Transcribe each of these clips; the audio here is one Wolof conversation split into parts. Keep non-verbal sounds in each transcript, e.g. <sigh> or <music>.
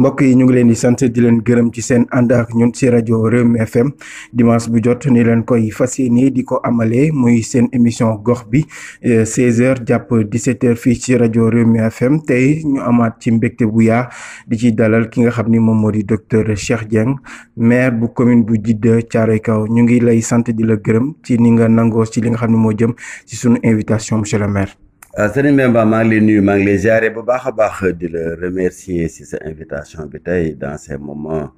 mbokk yi ñu ngi leen di sant di leen gërëm ci seen ànd ak ñun ci rajo Rewmi FM dimanche bu jot ni leen koy fas yéene di ko amalee muy seen émission gox bi 16h euh, jàpp 17 fii ci rajo Rewmi FM tey ñu amaat ci mbégte bu yaa di ci dalal ki nga xam ni moom moo di docteur Cheikh Dieng maire bu commune bu Djiddah Thiaroye Kaw ñu ngi lay sant di la gërëm ci ni nga nangoo ci li nga xam ne moo jëm ci sunu invitation monsieur le maire. Euh, sëriñ Mbemba maa ngi lay nuyu maa ngi lay ziare bu baax a baax di la remercier si sa invitation bi tey dans ces moments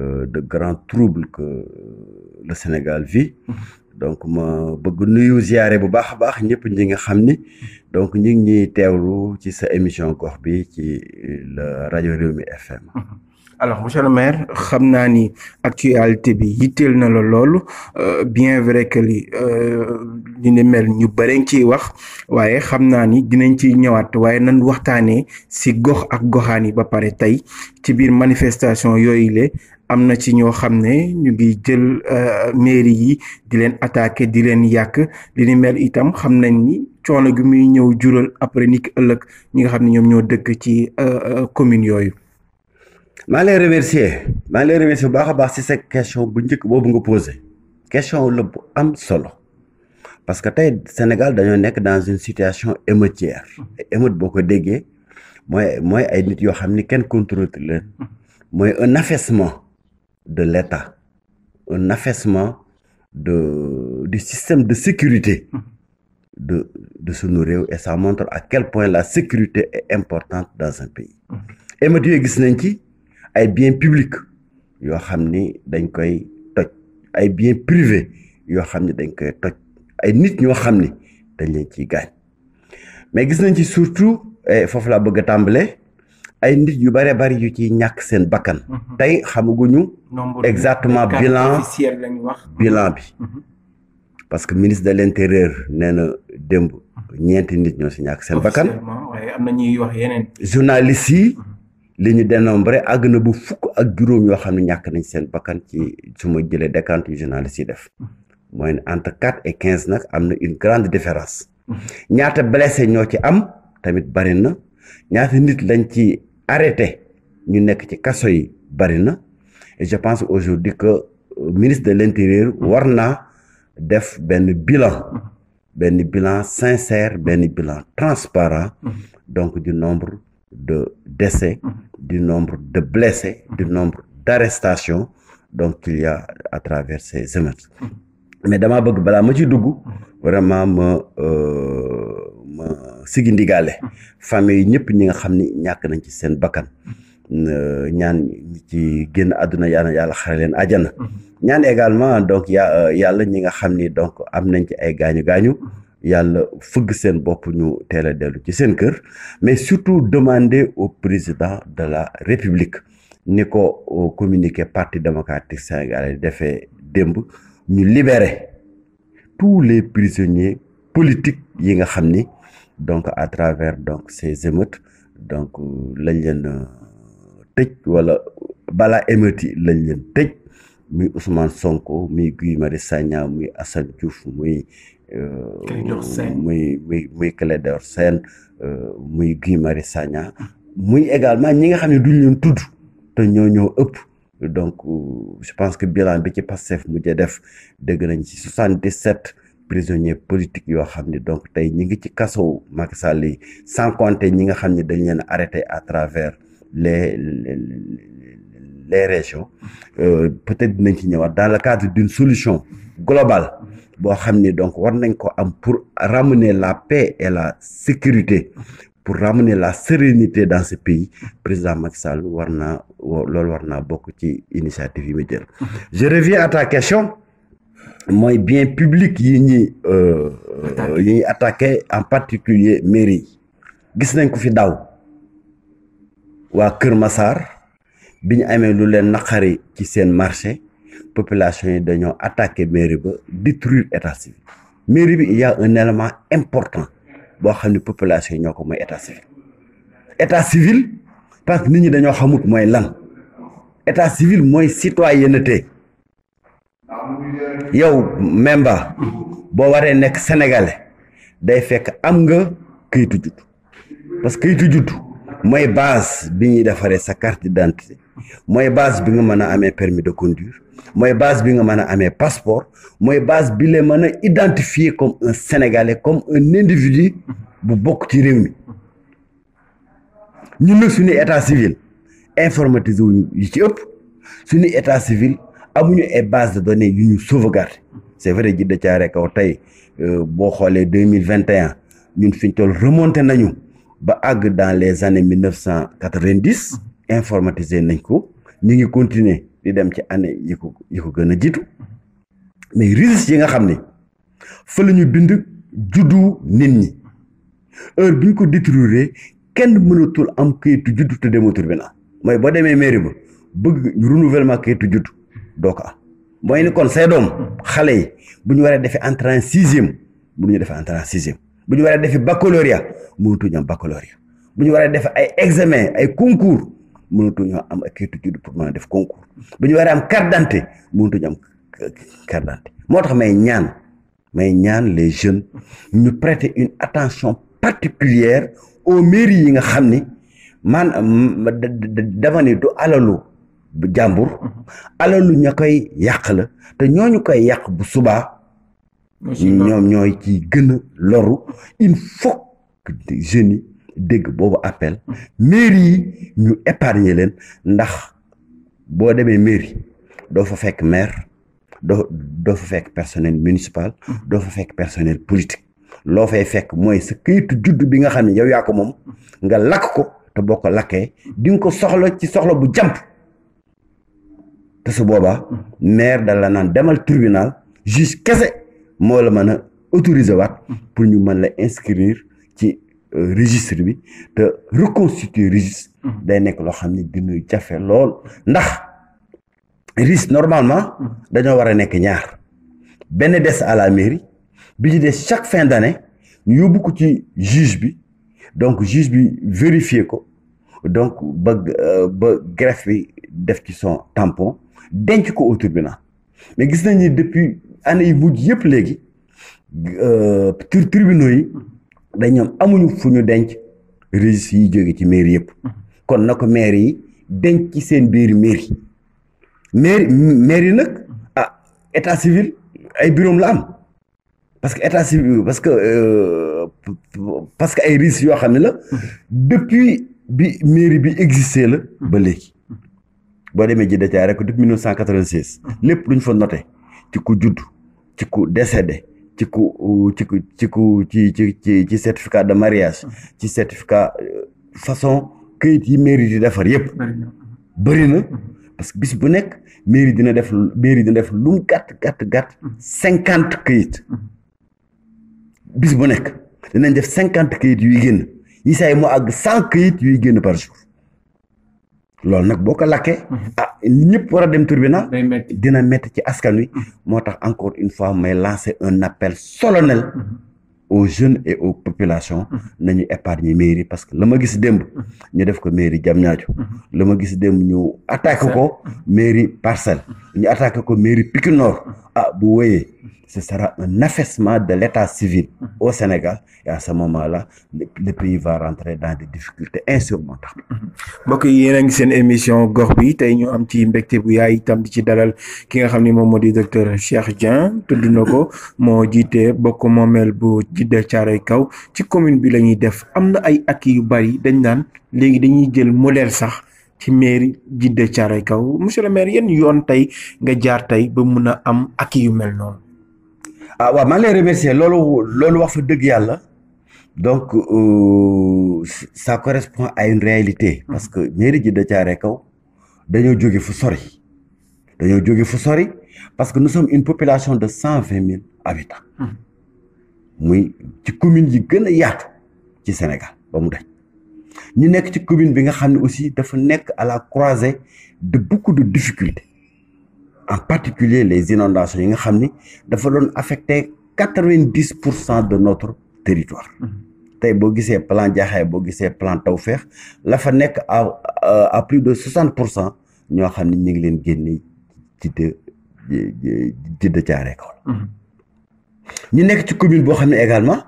euh, de grand trouble que euh, le Sénégal vit mm-hmm. donc ma bëgg nuyu ziare bu baax a baax ñëpp ñi nga xam ni mm-hmm. donc ñu ngi ñuy teewlu ci sa émission gox bi ci la réew Rewmi FM. Mm-hmm. alors monsieur le maire xam naa ni actualité bi yitteel na la loolu euh, bien vrai que li euh, li ni mel ñu bëri ciy wax waaye xam naa ni dinañ ci ñëwaat waaye nan waxtaanee si gox ak goxaan yi ba pare tey ci biir manifestation yooyu le am na ci ñoo xam ne ñu ngi jël euh, mairie yi di leen attaqué di leen yàq li ni mel itam xam nañ ni coono gi muy ñëw jural après ni ëllëg ñi nga xam ne ñoom ñoo dëkk ci commune yooyu maa lay remercier maa lay remercier bu baax a baax si sa question bu njëkk boobu nga posé question la bu am solo parce que tey Sénégal dañoo nekk dans une situation émeutière émeute boo ko déggee mooy mooy ay nit yoo xam ni kenn contrôle leen mooy un affaissement de l'État un affaissement de du système de sécurité de de sunu réew et ça montre à point la sécurité est importante dans un pays émeutes yooyu gis nañ ay biens publics yoo xam ni dañ koy toj ay biens privés yoo xam ni dañ koy toj ay nit ñoo xam ni dañ leen ci gaañ mais gis nañ ci surtout eh, foofu laa bëgg a tàmbalee ay nit yu bare bari yu ciy ñàkk seen bakkan mhm. tey xamaguñu exactement bilan bilan bi mhm. parce que ministre de l'intérieur nee na démb mhm. ñeenti nit ñoo si ñàkk seen bakkan journalistes yi li ñu dénombré àgg na bu fukk ak juróom yoo xam ne ñàkk nañ seen bakkan ci su ma jëlee décompte yu journaliste yi def mooy ne entre quatre et quinze nag am na une grande différence ñaata blessé ñoo ci am tamit bari na ñaata nit lañ ci arrêté ñu nekk ci kaso yi bari na je pense aujourd'hui que euh, ministre de l'intérieur war naa def benn bilan benn bilan sincère benn bilan transparent mmh. donc du nombre de décès, mhm. du nombre de blessés, mhm. du nombre darestation donc qu'il y a à travers ces émeutes. Mhm. mais damaa bëgg balaa ma ci dugg vraiment ma euh, ma sigindigaale famille yi ñëpp ñi nga xam ni ñàkk nañ ci seen bakkan euh, ñaan ñi ci génn àdduna yàlla yàlla xare leen àjjana ñaan également donc ya euh, yàlla ñi nga xam ni donc am nañ ci ay gaañu gaañu yàlla fëgg seen bopp ñu teel a dellu ci seen kër mais surtout demande au président de la république ni ko euh, communiqué parti démocratique sénégalais defee démb ñu libere tous les prisonniers politiques yi nga xam ni donc à travers donc ces émeutes donc euh, lañ leen euh, tëj wala balaa émeutes lañ leen tëj muy Ousmane Sonko muy Guy Marius Sagna muy Assane Diouf muy Euh, muy muy muy Clédor Sène euh, muy Guy mari Sagna muy également ñi nga xam ne duñ leen tudd te ñoo ñoo ëpp donc euh, je pense que bilan bi ci mu mujjee def dëgg nañ ci soixante-dix-sept prisonniers politiques yoo xam ni donc tey ñi ngi ci kaso Macky Sall yi ñi nga xam ne dañ leen arrêté à travers les les régions peut-être dinañ ci ñëwaat dans le cadre d'une solution global boo xam ni donc war nañ ko am pour ramener la paix et la sécurité pour ramener la sérénité dans ce pays président Macky war naa loolu war naa bokk ci initiative yi mu jël je reviens à ta question mooy bien public yi ñuy euh, yi ñuy attaqué en particulier mairie gis nañ ko fi daw waa Kër masaar bi ñu amee lu leen naqari ci seen marché population yi dañoo attaqué mairie ba détruire état civil mairie bi il y a important boo xam ne population yi ñoo ko moy état civil état civil parce que nit ñi dañoo xamut mooy lan état civil mooy citoyenneté yow memba boo waree nekk sénégalais day fekk am nga kayitu judd parce que kayitu judd mooy base bi ñuy defaree sa carte d'identité mooy base bi nga mën a amee permis de conduire mooy base bi nga mën a amee passeport mooy base bi la mën a identifier comme un sénégalais comme un individu bu bokk ci réew mi ñun nag sunu état civil informatisé wuñu yi ci ëpp suñu état civil amuñu ay base de données yu ñu sauvegarde c'est vrai ji da caare kaw tey euh, boo xoolee deux mille vingt et un ñun fiñ toll nañu ba àgg dans les années mille neuf cent quatre-vingt-dix mhm. informatisé nañ ko ñu ngi continuer di dem ci année yi ko yi gën a jiitu mais registre yi nga xam ne fa la ñu bind juddu nit ñi heure bi ñu ko détruire kenn mënatul am kayitu juddu te demoo tribunal mooy boo demee mairie ba bëgg renouvellement kayitu juddu doo ko am mooy ni kon say mhm. xale yi bu ñu waree defee entrée en bu ñu defee entrée en bu ñu war a defi baccalauréat mënatuñu am baccalauréat bu ñu war a def ay examen ay concours mënatuñu am ay kayitu juddu pour mën a def concours bu ñu war a am carte d'identité mënatuñu am carte moo tax may ñaan may ñaan les jeunes ñu prêter une attention particulière au mairies yi nga xam ni man dama ni du alalu jàmbur alalu ña koy yàq la te ñooñu koy yàq bu subaa ñoom ñooy ci gën loru il faut que jeunes yi dégg boobu appel hmm. mairie yi ñu épargner leen ndax boo demee mairie doo fa fekk maire doo fa fekk personnel municipal hmm. doo fa fekk personnel politique loo fay fekk mooy sa kayitu juddu bi nga xam ne yow yaa ko moom hmm. nga lakk ko te boo ko lakkee di ko soxla ci soxla bu jàmp te su boobaa maire da naan demal tribunal juge kese moo la mën a autoriser waat pour ñu mën la inscrire ci euh, registre bi te reconstituer registre mm-hmm. day nekk loo xam ne dina jafe lool ndax registre normalement mm-hmm. dañoo war a nekk ñaar benn des à la mairie bi ñu des chaque fin d'année ñu yóbbu ko ci juge bi donc juge bi vérifier ko donc ba euh, ba greffe bi def ci son tampon denc ko au tribunal mais gis nañu depuis année yi mujj yëpp léegi euh, tribunaux yi dañ ñoom amuñu fu ñu denc registre yi jóge ci mairie yëpp kon na ko maire yi denc ci seen biir mairie mairie mairie nag ah état civil ay bureau la am parce que état civil parce que euh, parce que ay registre yoo xam ne la depuis bi mairie bi existé la ba léegi boo demee ji dacaay rek depuis 1996 lépp luñ fa note ci ku judd ci ku décédé ci ku ci ci ci ci ci certificat de mariage ci certificat euh, façon këyit yi mairie di defar yëpp bëri na parce que bis bu nekk mairie dina def mairie dina def lu mu gàtt gàtt gàtt cinquante këyit bis bu nekk dinañ def cinquante këyit yu génn yi saa yi mu àgg cent këyit yuy génn par jour loolu nag boo ko lakkee ñëpp war a dem tribunal dina métti ci askan wi mm-hmm. moo tax encore une fois may lancer un appel solennel mm-hmm. aux jeunes et aux populations mm-hmm. nañu épargne mairie parce que la ma gis démb ñu def ko mairie Diamniadio la ma gis démb ñu attaque ko mairie Parcelles ñu attaqué ko mairie Pikine ah bu woyee ce sera un affaissement de l'état civil au Sénégal et à ce moment-là le pays va rentrer dans des difficultés insurmontables mbokk yi yéen a ngi seen émission gox bi tey ñu am ci mbégte bu yaay itam di ci dalal ki nga xam ni moom moo di docteur Cheikh Dieng tudd na ko moo jiite bokk moomeel bu Djiddah Thiaroye Kaw ci commune bi lañuy def am na ay acquis yu bari dañ naan léegi dañuy jël modèle sax ci mairie Djiddah Thiaroye Kaw monsieur le maire yéen yoon tey nga jaar tey ba mun a am ak yu mel noonu. ah waaw maa ngi lay remercier loolu wax fa dëgg yàlla donc euh, ça correspond à une réalité. parce que mairie Djiddah Thiaroye Kaw dañoo jóge fu sori. dañoo jóge fu sori parce que nous sommes une population de cent vingt mille habitants. muy ci commune yi gën a yaatu ci Sénégal ba mu daj. ñu nekk ci commune bi nga xam ne aussi dafa nekk à la croisée de beaucoup de difficultés en particulier les inondations yi nga xam ni dafa doon affecté quatre vingt pour cent de notre territoire mm-hmm. tey boo gisee plan Jaxaay boo gisee plan Tawfeex la fa nekk à euh, à plus de soixante pour cent ñoo xam ni ñu ngi leen génne ci de ci de caaree kaw mm-hmm. ñu nekk ci commune boo xam ne également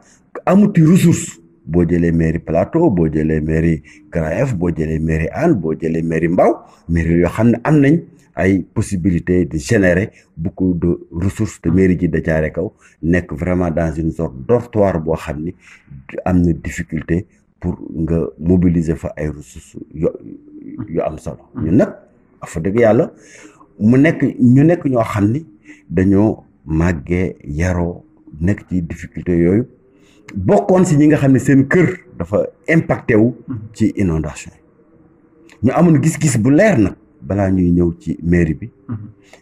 amuti ressource boo jëlee mairie plateau boo jëlee mairie Grand boo jëlee mairie Hann boo jëlee mairie Mbao mairie yoo xam ne am nañ ay possibilités de générer beaucoup de ressources te mairie ji da caare kaw nekk vraiment dans une sorte dortoir boo xam ni am na difficulté pour nga mobiliser fa ay ressources yo am solo hmm. ñun nag fa dëgg yàlla mu nekk ñu nekk ñoo xam ni dañoo màggee yaroo nekk ci difficulté yooyu bokkoon si ñi nga xam ne seen kër dafa impacté wu ci inondation ñu amoon gis-gis bu leer nag balaa ñuy ñëw ci mairie bi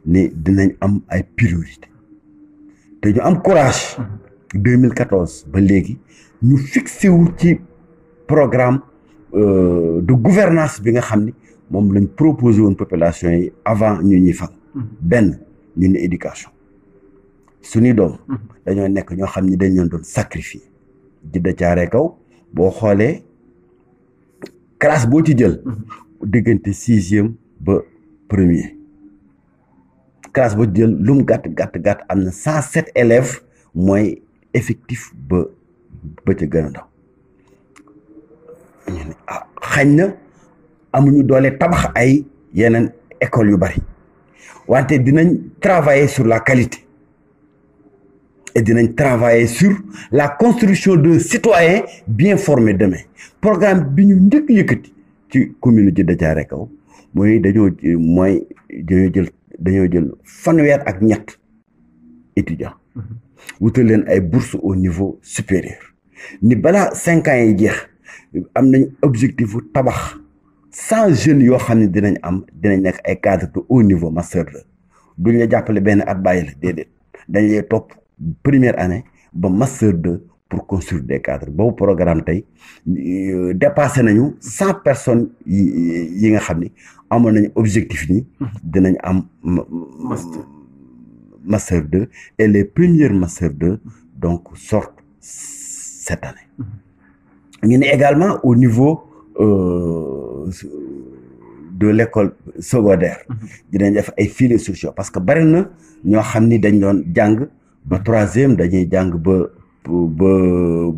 ni dinañ am ay priorité te ñu am courage 2014 ba léegi ñu fixé ci programme euh, du gouvernance bi nga xam ni moom lañ proposé woon population yi avant ñu ñuy fal benn ñu ne éducation suñuy doom mm-hmm. dañoo nekk ñoo xam ni dañ leen doon sacrifier jidda caaree kaw boo xoolee classe boo ci jël mhm. diggante sixième ba premier classe boo ci jël lum gàtt gàtt gàtt am na cent sept élèves mooy effectif ba ba ca ah, xañ na amuñu doole tabax ay yeneen école yu bari wante dinañ travailler sur la qualité dinañ travailler sur la construction d'un citoyen bien formé demain programme bi ñu njëkk yëkkati ci commune Djeddah Thiaroye Kaw mooy dañoo mooy dañoo jël dañoo jël fanweer ak ñett étudiants mhm. wutal leen ay bourses au niveau supérieur ni bala cinq ans yi jeex am nañ objectif bu tabax cent jeunes yoo xam ne dinañ am dinañ nekk ay cadres de haut niveau master la duñ la jàppale benn at bàyyi la déedéet topp première année ba master de pour construire des cadres boobu programme tey euh, dépassé nañu cent personnes yi nga xam ni amoon nañu objectif ni mhm. dinañ am master de et les premiers master 2 donc sortent cette année mhm. ñu ne également au niveau euh, de l'école secondaire mhm. dinañ def ay filets sociaux parce que bari na ñoo xam ni dañ doon jàng ma troisième dañuy jàng ba ba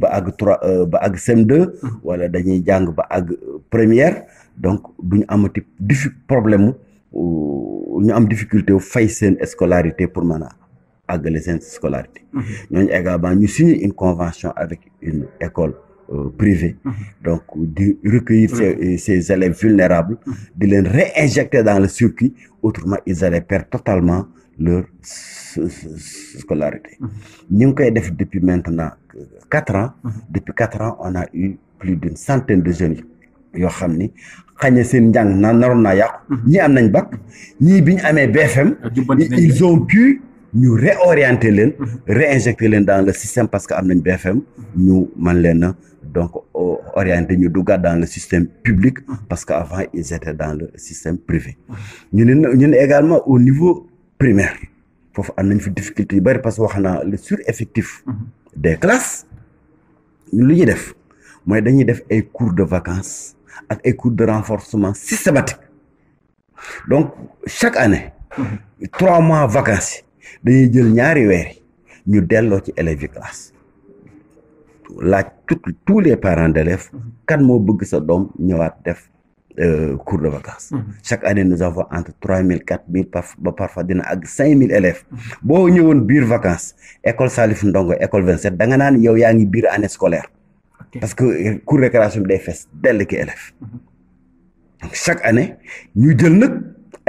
ba àgg trois euh, ba àgg cm mm-hmm. wala dañuy jàng ba àgg première donc du ñu amati diffi problème euh, ñu am difficulté fay seen scolarité pour mën a àggale seen scolarité. Mm-hmm. ñooñu également ñu signer une convention avec une école. Euh, privé mm-hmm. donc di recueillir ces élèves vulnérables di leen réinjecter dans le circuit autrement ils allaient perdre totalement leur scolarité. ñu ngi koy def depuis maintenant quatre ans. Mhm. depuis quatre ans on a eu plus d'une centaine de jeunes yoo xam ni xañ seen njàng na naroon na yàqu. Mhm. ñii am nañ bac ñii bi amee BFM. Ah, ils ont pu. ñu réorienter leen mhm. réinjecter leen dans le système parce que am nañ BFM ñu man leen a donc orienter ñu duggaat dans le système public parce que avant ils étaient dans le système privé ñu ne également au niveau primaire foofu am nañ fi difficulté yu bari parce que wax naa sur sureffectif des classes ñun lu ñuy def mooy dañuy def ay cours de vacances ak ay cours de renforcement systématique donc chaque année trois mois vacances dañuy jël ñaari weer ñu delloo ci élèves yi classe laaj tous les parents d'élèves kan moo bëgg sa doom ñëwaat def euh, cours de vacances. Mm -hmm. chaque année nous avons entre trois mille quatre mille ba parfois dina ak cinq mille élèves. boo ñëwoon biir vacances école Salif Ndongo école 27 da nga naan yow yaa ngi biir année scolaire. Okay. parce que euh, cours récréation bi day fees dell ki élèves. Mhm. chaque année ñu jël nag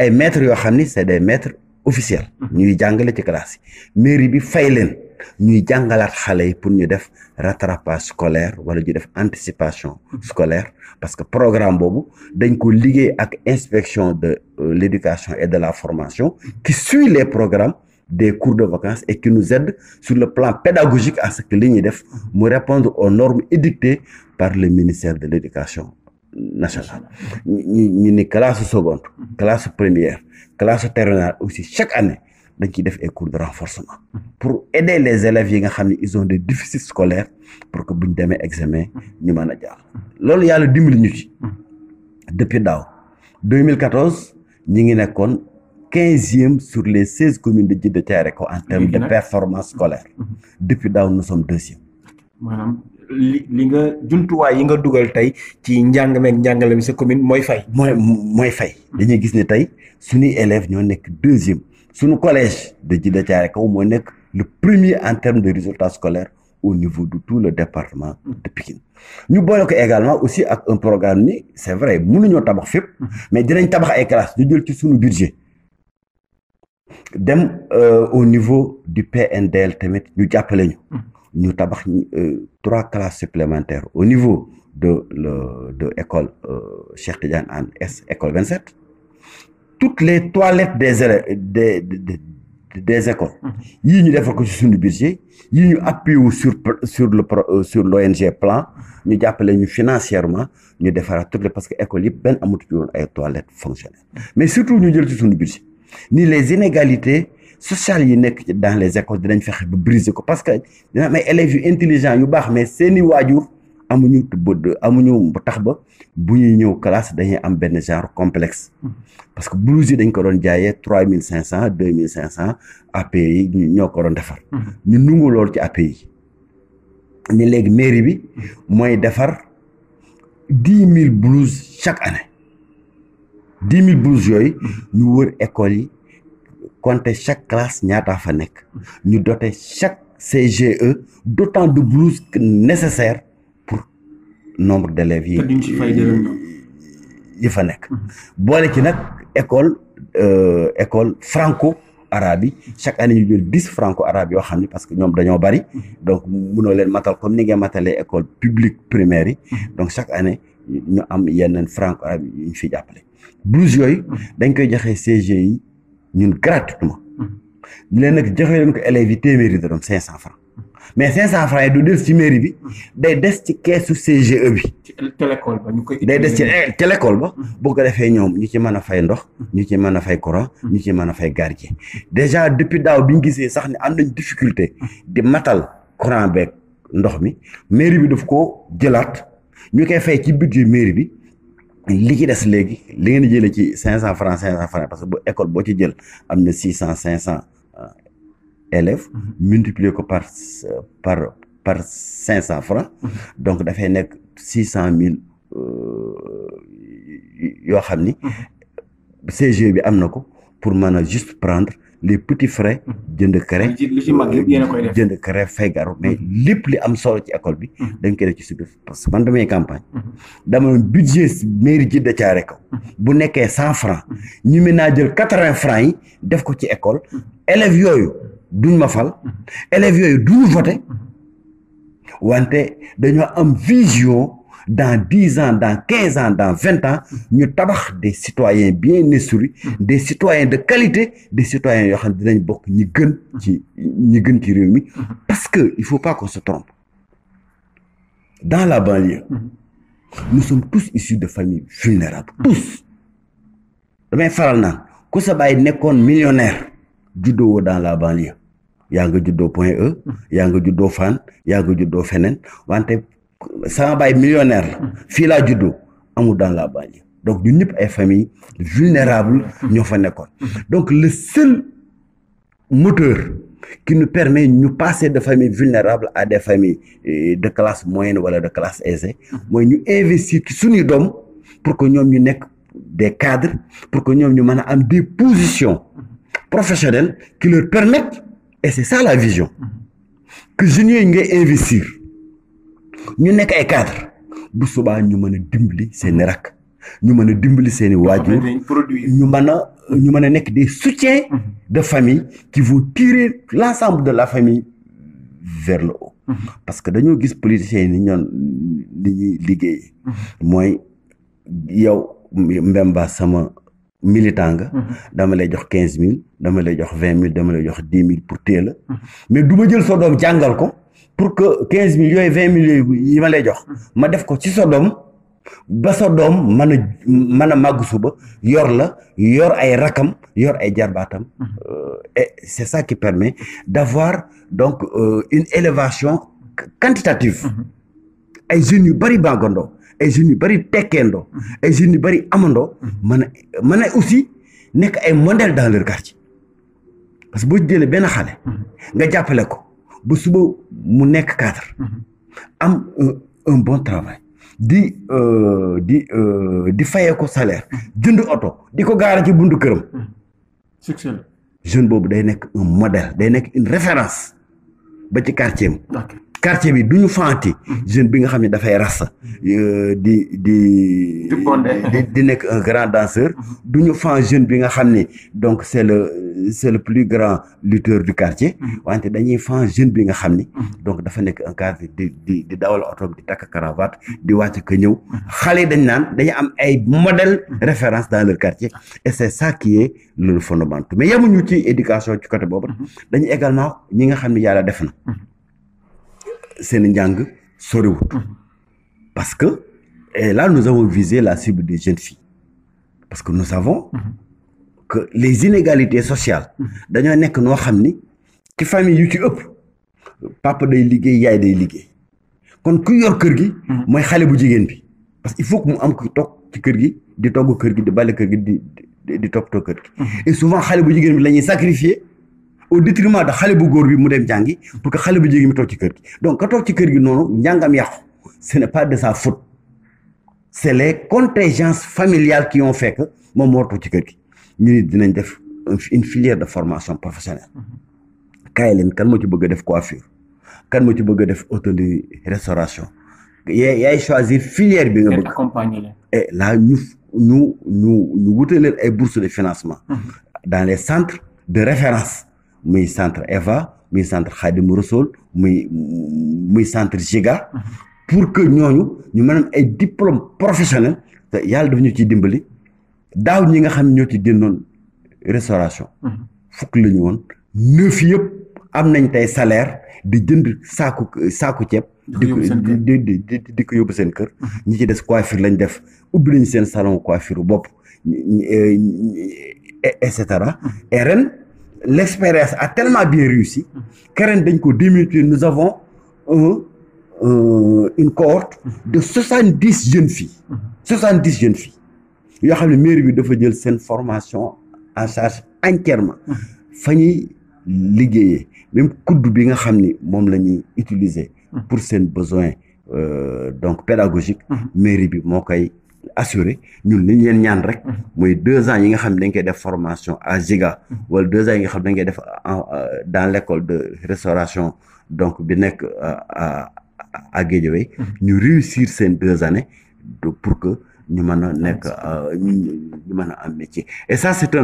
ay maîtres yoo xam ni c'est des maîtres officiels. Mhm. ñuy jàngale ci classe yi mairie bi fay leen. ñuy jàngalaat xale yi pour ñu def rattrapage scolaire wala ñu def anticipation scolaire parce que programme boobu dañ ko liggéey ak inspection de euh, l'éducation et de la formation qui suit les programmes des cours de vacances et qui nous aide sur le plan pédagogique à ce que li ñuy def mu répondre aux normes édictées par le ministère de l'éducation nationale ñu ñu ni classe seconde classe première classe terminale aussi chaque année dañ ciy def ay cours de renforcement mm-hmm. pour aider les élèves yi nga xam ne ils ont des déficits scolaires pour que bu ñu demee examen ñu mën a jaar mm-hmm. loolu yàlla dimbali ñu ci mm-hmm. depuis daaw 2014 ñu ngi nekkoon quinzième sur les seize communes de Djeddah Thiaroye Kao en termes de performance scolaire depuis daaw nous sommes deuxième maanaam li nga jumtuwaay yi nga dugal tey ci njàng meeg njàngale mi sa commune mooy fay mooy mooy fay dañuy gis ni tey suñuy élèves ñoo nekk deuxième sunu collège de Djidda Thiaroye Kaw moo nekk le premier en termes de résultats scolaires au niveau de tout le département de Pikine ñu boole ko également aussi ak un programme ni c'est vrai ñoo tabax fépp mais dinañ tabax ay classes ñu jël ci suñu budget dem euh, au niveau du PNDL tamit ñu jàppale ñu ñu tabax euh, trois classes supplémentaires au niveau de de école euh, Cheikh Tidiane en S école sept toutes les toilettes des élèves des des, des écoles. Mhm. yii ñu defal ko ci suñu budget yii sur sur le pro euh, sur l'ONG plan ñu jàppale ñu financièrement ñu defaraat toutes les parce que école yëpp benn amatu ci woon ay toilettes fonctionnelles mais surtout ñu jël ci suñu budget ni les inégalités sociales yi nekk dans les écoles dinañ fexe ba briser ko parce que élèves yu intelligents yu baax mais seeni waajur. amuñu bë amuñu tax ba bu ñuy ñëw classe dañuy am benn genre complexe parce que blouse yi dañ ko doon jaaye trois mille cinq cent deux mille cinq cent AP yi ñoo ko doon defar ñu nungu loolu ci AP yi ni léegi mairie bi mooy defar dix mille blouses chaque année dix mille blouses yooyu ñu wër école yi compter chaque classe ñaataa fa nekk ñu doter chaque CGE d' autant de blouses nécessaires nombre d'élèves yi yi fa nekk mhm. boole ci nag école euh, école franco arabe yi chaque année ñu jël dix franco arabe yoo xam ne parce que ñoom dañoo bari mhm. donc mënoo leen matal comme ni nga matalee école publique primaire yi mhm. donc chaque année ñu am yeneen franco arabe yi ñu fi jàppale bourse yooyu dañ koy joxe yi ñun gratuitement leen nag joxe leen ko élèves yi téeméeri dërëm cinq cent francs mais 500 francs yi du des ci mairie bi day des ci keesu CGE bi. télécole ñu koy. day des ci eh, télécole ba. Mm-hmm. bu ko defee ñoom ñu ci mën a fay ndox. ñu ci mën a fay courant. Mm-hmm. ñu ci mën a fay gardien. déjà depuis daaw bi ñu gisee sax ni am nañ difficulté. di matal courant beeg ndox mi mairie bi daf ko jëlaat ñu koy fay ci budget mairie bi. li ci des léegi li ngeen jëlee ci 500 francs 500 francs parce que bu école boo ci jël am na 600 cent élèves mhm. multiplier ko par par par cinq cent francs mhm. donc dafay nekk six cent mille euh, yoo xam ni mhm. CGE bi am na ko pour mën a juste prendre les petits frais jënd craie jënd craie fay garu mais lépp li am solo ci école bi dañ koy ci suuf parce que man damay campagne dama doon budget mairie ji da kaw bu nekkee cent francs ñu naa jël quatre-vingts francs yi def ko ci école élèves yooyu duñ ma fal mhm. élèves yooyu duñu voté mhm. wante dañoo am vision dans dix ans dans quinze ans dans vingt mhm. ñu tabax des citoyens bien instruits des citoyens de qualité de citoyens yoo xam ne dinañ bokk ñi gën ci ñi gën ci réew mi parce que il faut pas qu'on se dans la banlieue nous sommes tous issus de familles vulnérables tous damay faral naan ku sa nekkoon millionnaire juddoo dans la banlieue yaa nga juddoo Point E yaa nga juddoo Fann yaa nga juddoo feneen wante sama baay millionnaire la fii laa juddoo amul dans la banlieue donc ñun ñëpp ay famille vulnérable ñoo fa nekkoon donc le seul moteur qui nous permet ñu passer de familles vulnérables à des familles euh, de classe moyen wala de classe aisée mooy ñu investir ci suñuy doom pour que ñoom ñu nekk des cadres pour que ñoom ñu mën a am des positions professionnelles qui leur permettent et c'est ça la vision que jeunes yooyu investir ñu nekk ay cadre bu ñu mën a dimbali seeni rakk ñu mën a dimbali seeni waajur ñu mën a ñu mën a nekk des soutiens de famille qui vont la l'ensemble de la famille vers le haut parce que dañoo gis politiciens yi ni ñoon ni ñuy liggéeyee mooy yow Mbemba sama militant nga. Mhm. dama lay jox quinze mille dama lay jox vingt mille dama lay jox dix mille pour téye la mhm. mais du ma jël sa doom jàngal ko pour que quinze mille yooyu vingt mille yi ma lay jox mhm. ma def ko ci sa doom ba sa doom mën a mën a màgg suba yor la yor ay rakkam yor ay jarbaatam euh, et c'est ça qui permet d'avoir donc euh, une élévation quantitative ay jeunes yu bari bàggandoo ay jeunes yu bëri tekkeendoo ay jeunes yu bëri amandoo mën a aussi nekk ay modèle dans leur quartier parce que boo jëlee benn xale nga jàppale ko ba suba mu nekk cadre am un bon travail di euh, di euh, di fayee ko salaire jënd oto di ko gaara ci buntu këram succès boobu day nekk un modèle day nekk une référence ba ci quartier am quartier bi du ñu fanti jeune bi nga xam ne dafay rasta euh, di di di nekk un grand du ñu fan jeune bi nga xam ne donc c'est le c'est le plus grand lutteur du quartier mm-hmm. wante dañuy fan jeune bi nga xam ni mm-hmm. donc dafa nekk un cadre di di di dawal oto di takk cravate di wàcc ka ñëw mm-hmm. xale dañ naan dañu am ay modèle référence dans leur quartier et c'est ça qui est le fondamental mais yemuñu ci éducation ci côté boobu dañu également ñi nga xam ne yàlla def na seen njàng soriwut mhm. parce que et là nous avons la cible des jeunes filles parce que nous savons mhm. que les inégalités sociales mhm. dañoo nekk noo xam ni ci famille yu ci ëpp papa day liggéey yaay day liggéey kon ku yor kër gi mooy xale bu jigéen bi parce que il faut que mu am ku toog ci kër gi di togg kër gi di bale kër gi di di toog kër gi et souvent xale bu jigéen bi lañuy ñuy sacrifier au détriment de xale bu góor bi mu dem jàngi pour que xale bu jigéen bi toog ci kër gi donc ka toog ci kër gi noonu njàngam yàqu ce n'est pas de sa faute c'est les contingences familiales qui ont fait que moom moo toog ci kër gi ñu ni dinañ def une filière de formation professionnelle kaay leen kan moo ci bëgg a def coiffure kan moo ci bëgg a def hôtellerie restauration yaay yaay choisir filière bi nga bëgg et là ñu ñu ñu ñu wute leen ay bourses de financement mmh. dans les centres de référence muy centre Eva muy centre Khadimou Rassoul muy muy centre Giga pour que ñooñu ñu mën ay diplôme professionnel te yàlla daf ñu ciy dimbali daaw ñi nga xam ne ñoo ci génnoon restauration fukk la ñu woon neuf yëpp am nañ tey salaire di jënd saaku saaku ceeb di ko di di di ko yóbbu seen kër mhm. ñi ci des coiffure lañ def ubbi nañ seen salon coiffure bopp et cetera mhm. l'expérience a tellement bien réussi que dañ ko démultiplier nous avons un euh, une cohorte de soixante dix jeunes filles soixante dix jeunes filles yoo xam ne mairie bi dafa jël seen formation en charge entièrement fa ñuy liggéeyee même kudd bi nga xam ni moom la ñuy utiliser pour seen besoin euh, donc pédagogique mm-hmm. mairie bi moo koy assuré ñun li ñu leen ñaan rek mm-hmm. mooy deux ans yi nga xam ne dañ koy def formation à jiga mm-hmm. wala deux ans yi nga xam ne dañ koy def euh, dans l'école de restauration donc bi nekk euh, à à mm-hmm. réussir seen deux années pour que ñu mën a nekk euh, ñu mën a am métier et ça c'est ñu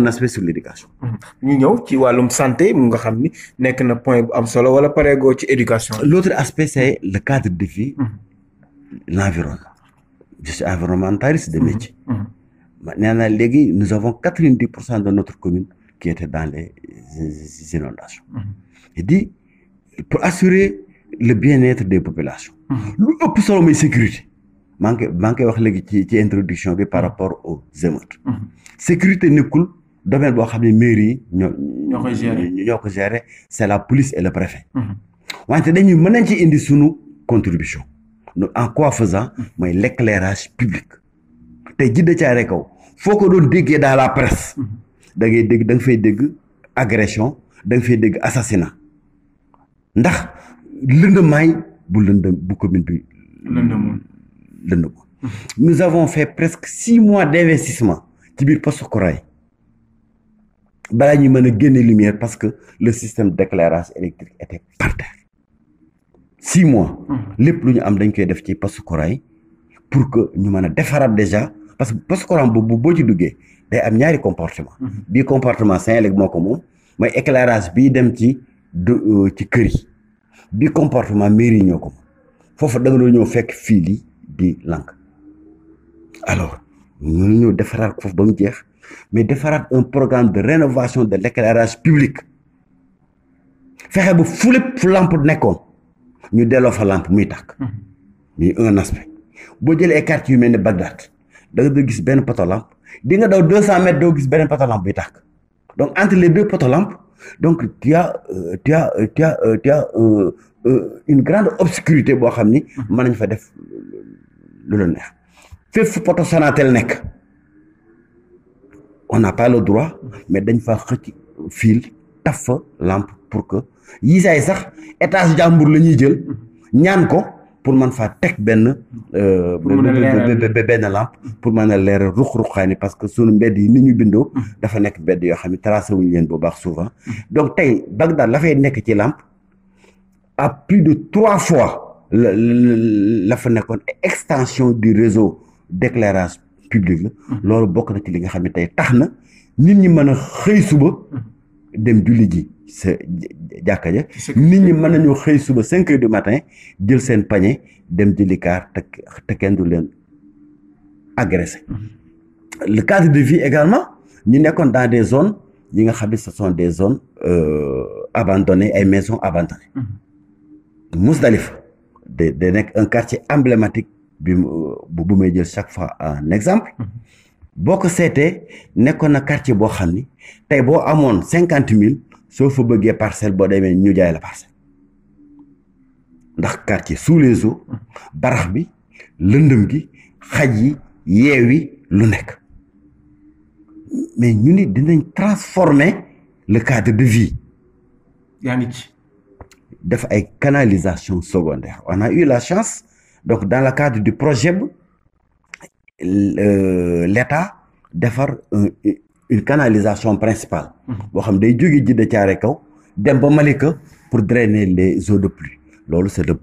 ñëw ci wàllum santé mu nga xam ni nekk na point bu am solo wala pareegoo ci éducation l'autre aspect c'est le cadre de vie l'environnement je suis environnementaliste de mmh. métier. Mmh. nee naa léegi nous avons quatre vingt dix pour cent de notre commune qui était dans les inondations. Mmh. je pour assurer le bien-être des populations. lu ëpp solo mooy sécurité. maa ngi maa wax léegi ci ci introduction bi par rapport aux émeutes. sécurité nekkul domaine boo xam ne mairie yi ñoo. ñoo ko la police et le préfet. wante dañuy mën indi sunu contribution. en quoi faisant mooy l'éclairage public te jidda caare kaw foo ko doon déggee dans la presse da dégg da nga fay dégg agression da nga fay dégg assassinat ndax lëndëmaay bu lëndëm bu commune bi lëndëmoon lëndëmoon nous avons fait presque six mois d'investissement ci biir post Corail balaa ñuy mën a génne lumière parce que le système d'éclairage électrique était par six mois. Hmm. lépp lu ñu am dañ koy def ci poste courant yi pour que ñu mën a defaraat déjà parce que poste courant bu boo ci duggee day am ñaari comportement. Hmm. bii comportement Senelec moo ko moom mooy éclairage bii dem ci euh, ci kër yi bii comportement mairie ñoo ko moom foofu da nga doon fekk fii lii di lànk alors ñu ñëw defaraat foofu ba mu jeex mais defaraat un programme de rénovation de l' éclairage public fexe ba fu lépp fu lamp nekkoon. ñu delloo fa lampe muy tàkk. Mhm. muy boo jëlee quartier yu mel ne Bagdad da gis benn poto lampe di nga daw deux cent mètres doo gis benn poto lampe buy tàkk donc entre les deux poto lampe donc tu as tu une grande obscurité boo xam ni. Mhm. mën nañ fa def lu la neex fépp fu poto Sonatel nekk on n'a pas le droit mhm. mais dañ fa xëcc fil taf fa lampe pour que. yi saay sax étage jàmbur la ñuy jël ñaan ko pour man faa teg benn euh, benn lampe pour mën a leeral ruq-ruqaani parce que sunu mbedd yi ni ñu bindoo mm. dafa nekk mbedd yoo xam ne tracé wuñu leen bu baax souvent mm. donc tey Bagdad la fay nekk ci lampe à plus de trois fois la la fa nekkoon extension du réseau d'éclairage public la mm. loolu bokk na ci li nga xam ne tey tax na nit ñi mën a xëy suba dem julli ji sa jàkka ja nit ñi mën nañu xëy suba cinq heures du matin jël seen panier dem jëli kaar te te du leen agressé mm-hmm. le cadre de vie également ñu nekkoon dans des zones ñi nga xam ne ce sont des zones euh, ay maison abandonnées mm-hmm. Mousdalifa da da nekk un quartier emblématique bi bu may jël chaque fois un exemple mm-hmm. boo ko seetee nekkoon na quartier boo xam ni tey boo amoon cinquante mille soo fa bëggee parcelle boo demee ñu jaay la parcelle ndax quartier sous les eaux barax bi lëndëm gi xaj yi yeewi lu nekk mais ñu ni dinañ transformer le cadre de vie. yaa ngi ci. def ay canalisation secondaire on a eu la chance donc dans le cadre du projet bi euh, l' defar une canalisation principal boo xam day jóge Djiddah Thiaroye Kaw dem ba Malika pour drainer les eaux de plus loolu c'est le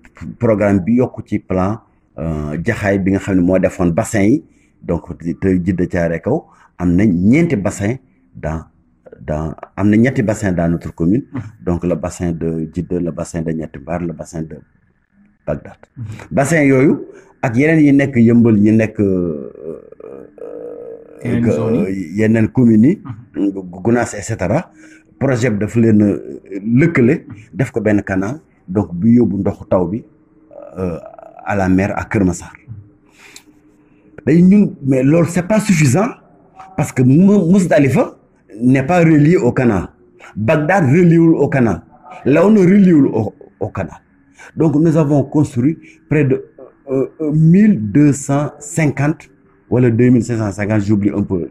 programme bi yokk ci plan euh, jaxaay bi nga xam ne moo defoon bassin yi donc te Djiddah Thiaroye Kaw am na ñeenti bassin dans dans am na ñetti bassin dans notre commune. donc le bassin de Djiddah le bassin de Ñetti Mbaar la bassin de Bagdad. bassin yooyu ak yeneen yi nekk yëmbal yi nekk. Euh, Euh, yeneen communes yi mhm. Gounass et cetera projet bi dafa leen euh, lëkkale mhm. def ko benn canal donc bu yóbbu ndox taw bi euh, à la mer à Kër Massar mhm. day ñun mais loolu c'est pas suffisant parce que Mousdalifa n'est pas relié au canal Bagdad reliéwul au canal Léona reliéwul au au canal donc nous avons construit près de cent cinquante wala deux mille cinq cent cinquante j'oublie un peu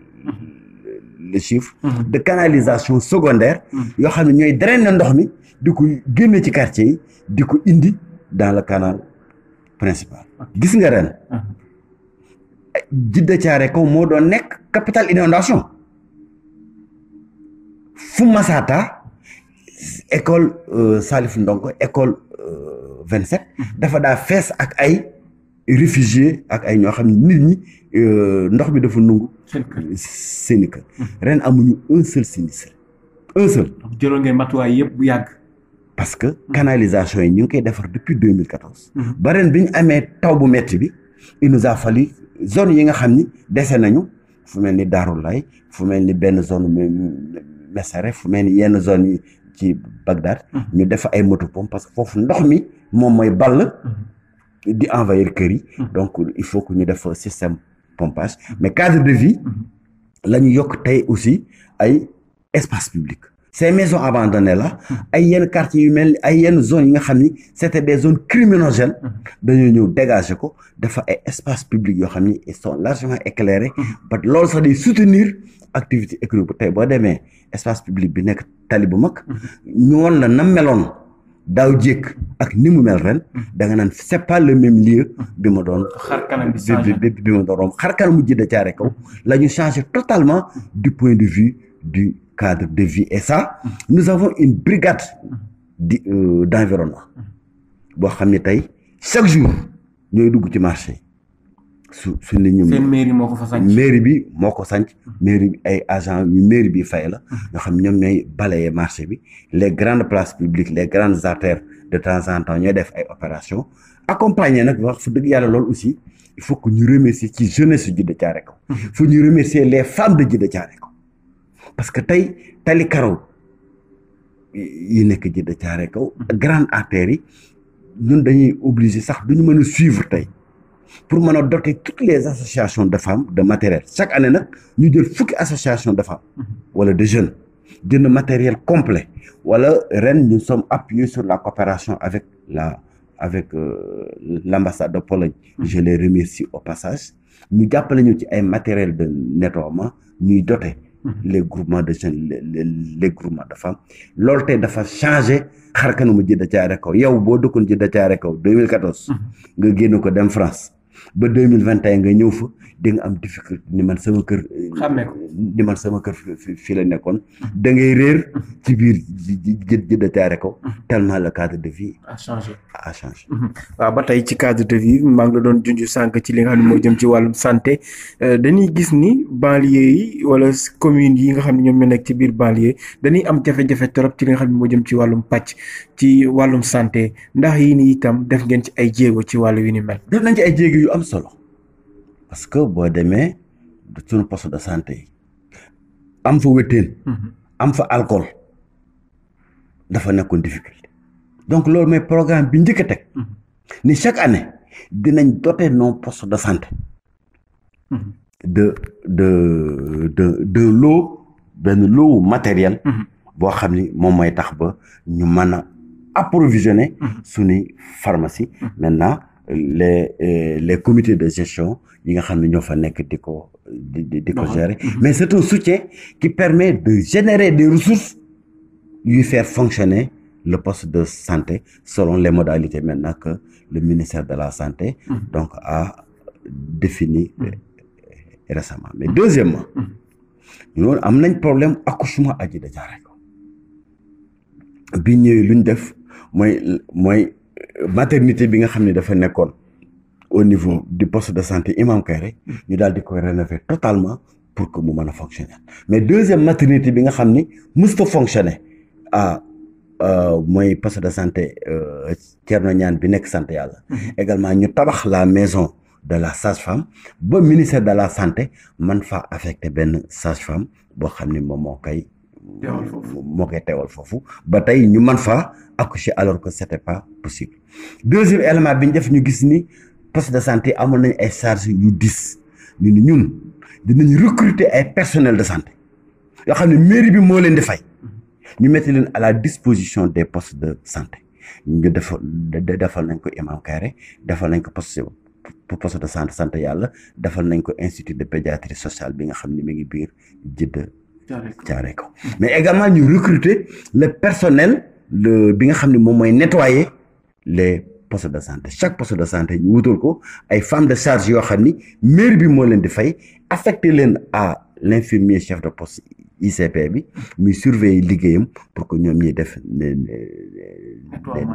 le chiffre mhm. de canalisation secondaire mhm. yoo xam ne ñooy drainer ndox mi di ko génne ci quartier yi di ko indi dans le canal principal gis nga ren Djidda mhm. Thiaroye Kaw moo doon nekk capitale inondation Foumassata école euh, Salif Ndongo école euh, vingt sept dafa daa fees ak ay réfugié ak ay ñoo xam ne nit ñi euh, ndox mi dafa nungu seen ren amuñu un seul sinistre un seul. donc jëloon ngeen matuwaay yëpp bu yàgg. parce que hmm. canalisation yi ñu ngi koy defar depuis 2014. Hmm. ba ren bi ñu amee taw bu metti bi il nous a zone yi nga xam ni dese nañu fu mel ni Darou fu mel ni benn zone Messere fu mel ni yenn zone yi ci Bagdad. Hmm. ñu def ay moto pompe parce que foofu ndox mi moom mooy ball. di envahir kër yi. Mhm. donc il faut que ñu def système pompage mais cadre de vie. Mhm. la ñu yokk tey aussi ay espace public. ces maisons abandonnées mhm. ay yenn quartiers yu mel ay yenn zones yi nga xam ni c'était des zones criminogènes dañoo ñëw dégager ko defa ay espace public yoo xam ni ils sont largement éclairés ba loolu sax day soutenir activité économique bu tey boo demee espace public bi nekk tali bu mag ñoon la na meloon daaw jékk ak ni mu mel ren mm-hmm. da nga naan c'est même lieu mm-hmm. bi ma doon xar kanam bi bi ma doon romb xar kanam mu jëdda caare kaw mm-hmm. la ñu changé totalement du point de vue du cadre de vie et ça nous avons une brigade di euh, d'environnement boo xam ne tey chaque jour ñooy dugg ci marché su su nit ñi. moo ko fa sànc. bi moo ko sànc. mairie bi ay agent yu mairie bi fay la. ñoo mhm. xam ñoom ñooy balayer marché bi. les grandes place publiques les grandes artères de temps en ñooy def ay opération accompagner nag wax fu dëgg yàlla loolu aussi il faut que ñu remercier ci jeunesse Djidda Thiaroye Kaw. Mhm. il faut ñu remercier les femmes de Djidda Thiaroye Kaw. parce que tey tali karaw yi nekk Djidda Thiaroye Kaw. Mhm. grande artères yi ñun dañuy obliger sax duñu mën a suivre tey. pour mën a doter toutes les associations de femme de matériel chaque année nag ñu jël fukki association de femmes mhm. wala de jeunes jënd matériel complet wala ren ñu sommes appuyés sur la coopération avec la avec euh, l'ambassade de Pologne mhm. je les remercie au passage ñu jàppale ñu ci ay matériel de nettoiement ñuy doter mhm. les groupements de jeunes les groupements de femmes loolu tey dafa changé xar kanamu Djeddah Thiaroye Kaw yow boo dëkkoon jël Thiaroye Kaw nga génn ko dem France ba deux mille vingt et nga ñëw fa di nga am difficulté ni man sama kër. xàmmee ko ni man sama kër fii la nekkoon da ngay réer ci biir jë jëdda taare ko tellement le cadre de vie a changé a mhm. waaw ba tey ci cadre de vie maa ngi la doon junj sànq ci li nga xam ne moo jëm ci wàllum santé euh, dañuy gis ni banlieue yi wala communes yi nga xam ne ñoom ñoo nekk ci biir banlieue dañuy am jafe-jafe trop ci li xam ne moo jëm ci wàllum pàcc ci wàllum santé ndax yi ni itam def ngeen ci ay jéego ci wàllu yu ni mel def nañ ci ay jéego yu am solo parce que boo demee suñu poste de santé yi am fa wéttéen mhm. am fa alcool dafa nekkoon difficulté donc loolu mooy programme bi njëkk a teg mhm. ni chaque année dinañ doter nos post de santé mhm. de de de de lot benn lot matériel boo xam ni moom mooy tax ba ñu mën a approvisionner suñuy pharmacie maintenant les euh, les comités de gestion ñi nga xam ne ñoo fa nekk di ko mhm. mais c'est un soutien qui permet de générer des ressources yuy faire fonctionner le poste de santé selon les modalités maintenant que le ministère de la santé mhm. donc a défini mhm. euh, récemment mais deuxièmement ñun am nañ problème accouchement aji da jaare ko bi ñëwee lu ñu def maternité bi nga xam ne dafa nekkoon au niveau di poste de santé Imam Kairé ñu daal di koy rénover totalement pour que mu mën a fonctionner mais deuxième maternité bi nga xam ni mës ta fonctionner ah mooy poste de santé euh, Thierno Niane bi nekk sant yàlla. Mm-hmm. également ñu tabax la maison de la sage-femme ba ministère de la santé man faa affecté benn sage boo xam ni moom moo koy. teewal foofu moo koy teewal foofu ba tey ñu man fa accoucher alors que c'était pas possible deuxième élément bi ñu def ñu gis ni poste de santé amoon nañ ay charges yu dis ñu ni ñun dinañ recruter ay personnel de santé yoo xam ne mairie bi moo leen di fay ñu metti leen à la disposition des postes de santé ñu defal defal nañ ko Imam Kairé defal nañ ko poste poste de santé santé yàlla defal nañ ko institut de pédiatrie sociale bi nga xam ne mi ngi biir Jidda Thiaroye Kaw mais également ñu recruter le personnel le bi nga xam ne moom mooy nettoyer les postes de santé chaque poste de santé ñu wutal ko ay femmes de charge yoo xam ni maire bi moo leen di fay affecté leen à l'infirmier chef de poste ICP bi muy surveiller liggéeyam pour que ñoom ñuy def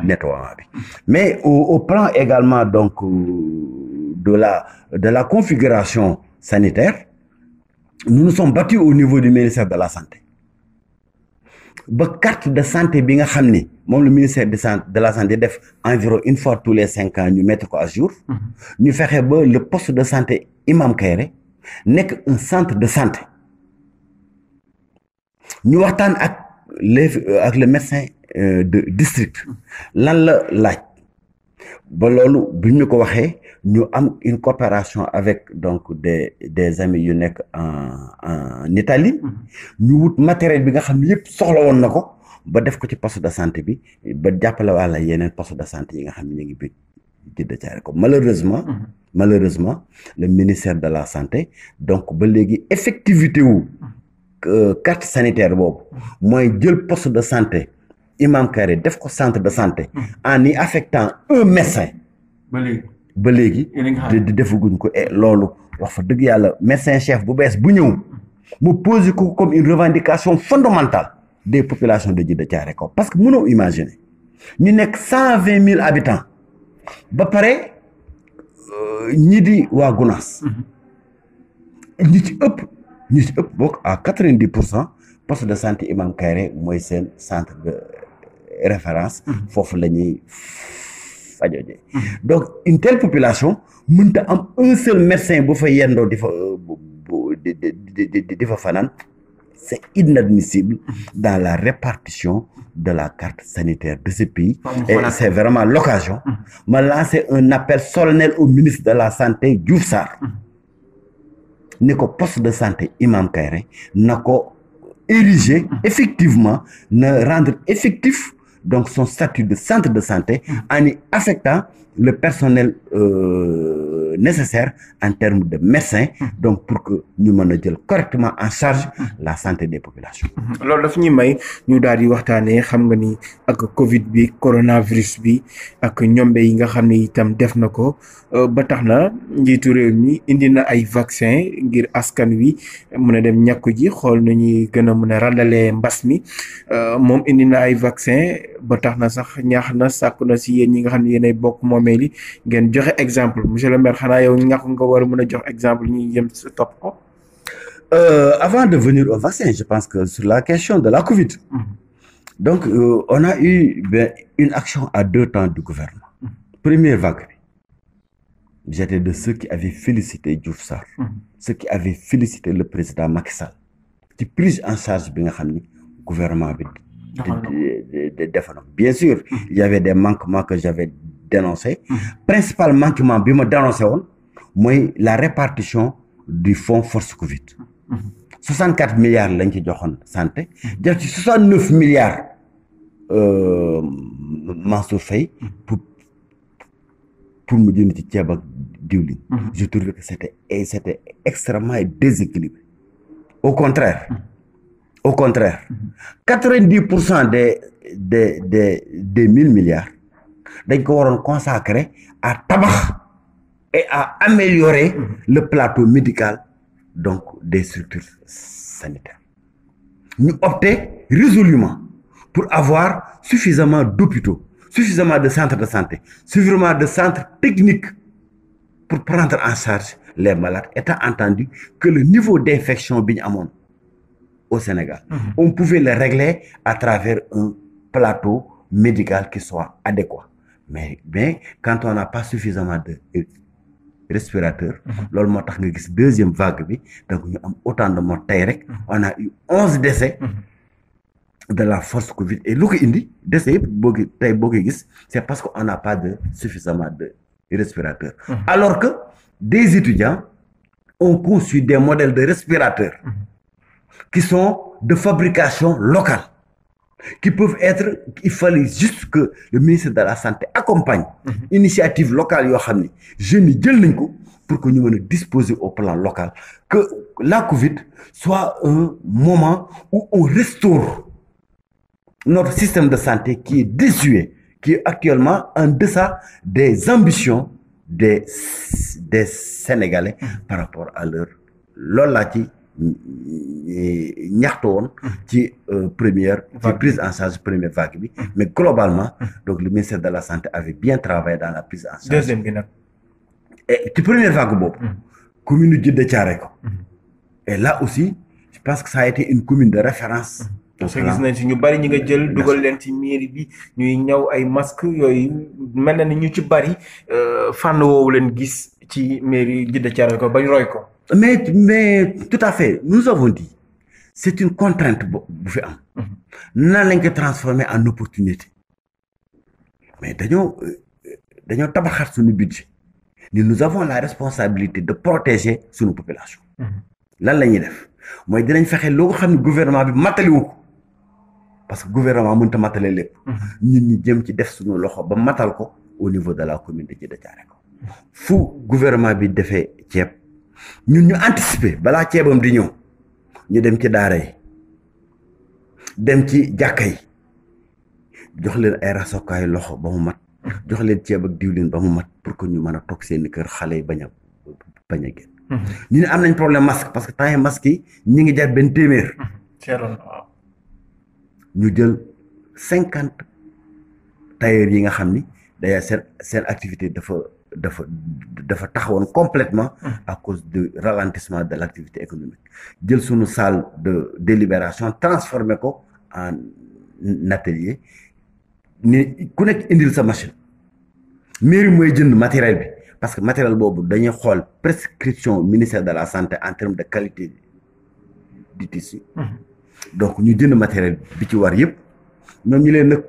nettoiement bi mais au au plan également donc euh, de la de la configuration sanitaire nous nous sommes battus au niveau du ministère de la santé ba carte de santé bi nga xam ni moom le ministère de san de la santé def environ une fois tous les cinq ans ñu mettre ko à jour. Mm-hmm. ñu fexee ba le poste de santé Imam Kairé nekk un centre de santé ñu waxtaan ak les euh, ak le médecin euh, de district lan la laaj ba loolu bi ñu ko waxee. ñu am une coopération avec donc des des amis yu nekk en en Italie mhm. ñu wut matériel bi nga xam yëpp soxla woon na ko ba def ko ci poste de santé bi ba jàppale wàlla yeneen poste de santé yi nga xam ne ñu ngi biir Djidda Thiaroye Kao malheureusement mhm. malheureusement le ministère de la santé donc ba léegi effectivité wu carte sanitaire boobu mooy jël poste de santé Imam Kairé def ko centre de santé mhm. en y affectant un médecin ba léegi di defaguñ ko eh, loolu wax fa dëgg yàlla médecin chef bu bees bu ñëw mu pose ko comme une revendication fondamentale des populations de Djiddah Thiaroye ko parce que mënoo imaginer ñu nekk cent vingt mille habitants ba pare euh, ñi di waa Gounass mhm. ñi ci ëpp ñi si ëpp bokk à quatre vingt dix pour cent poste de santé Imam Kairé mooy seen centre de euh, référence mhm. foofu la ñuy fajoo jee donc une telle population mënta am un seul médecin bu fa yendoo di fa euh, di fa fanaan c'est inadmissible dans la répartition de la carte sanitaire de ce pays et c'est vraiment l'occasion ma lancer un appel solennel au ministre de la santé Diouf Sarr ni ko poste de santé Imam Kairé na ko ériger effectivement na rendre effectif donc son statut de centre de santé mm. en y affectant le personnel euh, nécessaires en termes de médecins mmh. donc pour que ñu mën a jël correctement en charge mmh. la santé des population mmh. loolu daf ñuy may ñu daal di waxtaanee xam nga ni ak covid bi coronavirus bi ak ñombe yi nga xam ne itam def na ko euh, ba tax na njiitu réew mi indi na ay vaccin ngir askan wi mun a dem ñàkku ji xool nu ñuy gën a mun a randalee mbas mi euh, moom indi na ay vaccin ba tax na sax ñaax na sàkku na si yéen ñi nga xam ne ay bokk moomee li ngeen joxe exemple monsieur le maire xanaa yow ñàkk nga war a mën a jox exemple ñuy yem si topp ko. Euh, avant de venir au vaccin je pense que sur la question de la Covid. Mm-hmm. donc euh, on a eu ben, une action à deux temps de gouvernement. Mm-hmm. première vague bi. j'étais de ceux qui avaient félicité Diouf Sarr. Mm-hmm. ceux qui avaient félicité le président Macky Sall. prise en charge bi nga xam ni gouvernement bi. defoon bien sûr il y avait des manquements que j'avais dénoncé mmh. principal manquement bi ma dénoncé woon mooy la répartition du fonds force covid mmh. quatre milliards lañ ci joxoon santé def ci 69 milliards euh, Mansour Faye mmh. pour pour mu jënd ci ceeb ak diwlin je trouve que c'était c'était extrêmement déséquilibré au au contraire quatre-vingt-dix pour cent des des des des mille milliards dañ ko waroon consacrer à tabax et à améliorer mm-hmm. le plateau médical donc des structures sanitaires ñu opter résolument pour avoir suffisamment d'hôpitaux suffisamment de centre de santé suffisamment de centre techniques pour prendre en charge les malades étant entendu que le niveau d'infection bi ñu amoon au Sénégal mm-hmm. on pouvait le régler à travers un plateau médical qui soit adéquat mais mais quand on n'a pas suffisamment de respirateurs. Mhm. loolu moo tax nga gis deuxième vague bi donc ñu am autant de morts tey rek. Mhm. on a eu décès. Mhm. de la force Covid et lu ko indi décès yëpp boo ko tey boo koy gis c'est parce que on n'a pas de suffisamment de respirateurs. alors que des étudiants ont conçu des modèles de respirateurs. qui sont de fabrication locale. qui peuvent être il fallait juste que le ministre de la santé accompagne mhm. initiative locale yoo xam ni jeunes yi jël nañ ko pour que ñu mën a au plan local que la Covid soit un moment où on restaure notre système de santé qui est désuet qui est actuellement en deçà des ambitions des des Sénégalais mhm. par rapport à leur loolu ñaxtu woon ci euh, première ci prise en charge première vague bi mm. mais globalement mm. donc le ministère de la santé avait bien travaillé dans la prise en charge bi nag et ci première vague boobu mm. commune u Djeddah Thiaroye Kao là aussi je que ça a été commune de référence parce que ñu bari ñi nga jël dugal leen ci mairie bi ñuy ñaw ay masque yooyu mel na ñu ci bari euh, fànn woowu leen gis ci mairie Djeddah Thiaroye Kao bañ roy ko mais mais tout à fait nous avons di c'est une contrainte bo bu fi am. Mhm. nan lañ ko transformer en opportunité. mais dañoo dañoo tabaxaat suñu budget ni nous avons la responsabilité de protéger suñu population. Mhm. lan la ñuy def mooy dinañ fexe loo xam ne gouvernement bi mataliwu ko parce que gouvernement mënut a matale lépp. Mhm. ñun ñu jëm ci def suñu loxo ba matal ko au niveau de la commune de Djeddah Thiaroye Kao fu gouvernement bi defee ceeb. ñun ñu anticiper balaa ceebam di ñëw ñu dem ci daara yi dem ci jàkka yi jox leen ay rasokaayu loxo ba mu mat jox leen ceeb ak diwlin ba mu mat pour que ñu mën a toog seen kër xale yi bañ a bañ a génn mm-hmm. ñu ne am nañ problème masque parce que temps yi yi ñu ngi jar benn téeméer. Mm-hmm. ñu jël cinquante tailleur yi nga xam ni day seen seen activité dafa. dafa dafa taxawoon complètement mm. à cause du ralentissement de l'activité économique jël suñu salle de délibération transformé ko en atelier ni ku nekk indil sa machine mairie mooy jënd matériel bi parce que matériel boobu dañuy xool prescription ministère de la santé en termes de qualité du tissu mm-hmm. donc ñu jënd matériel bi ci war yëpp ñoom ñu leen nag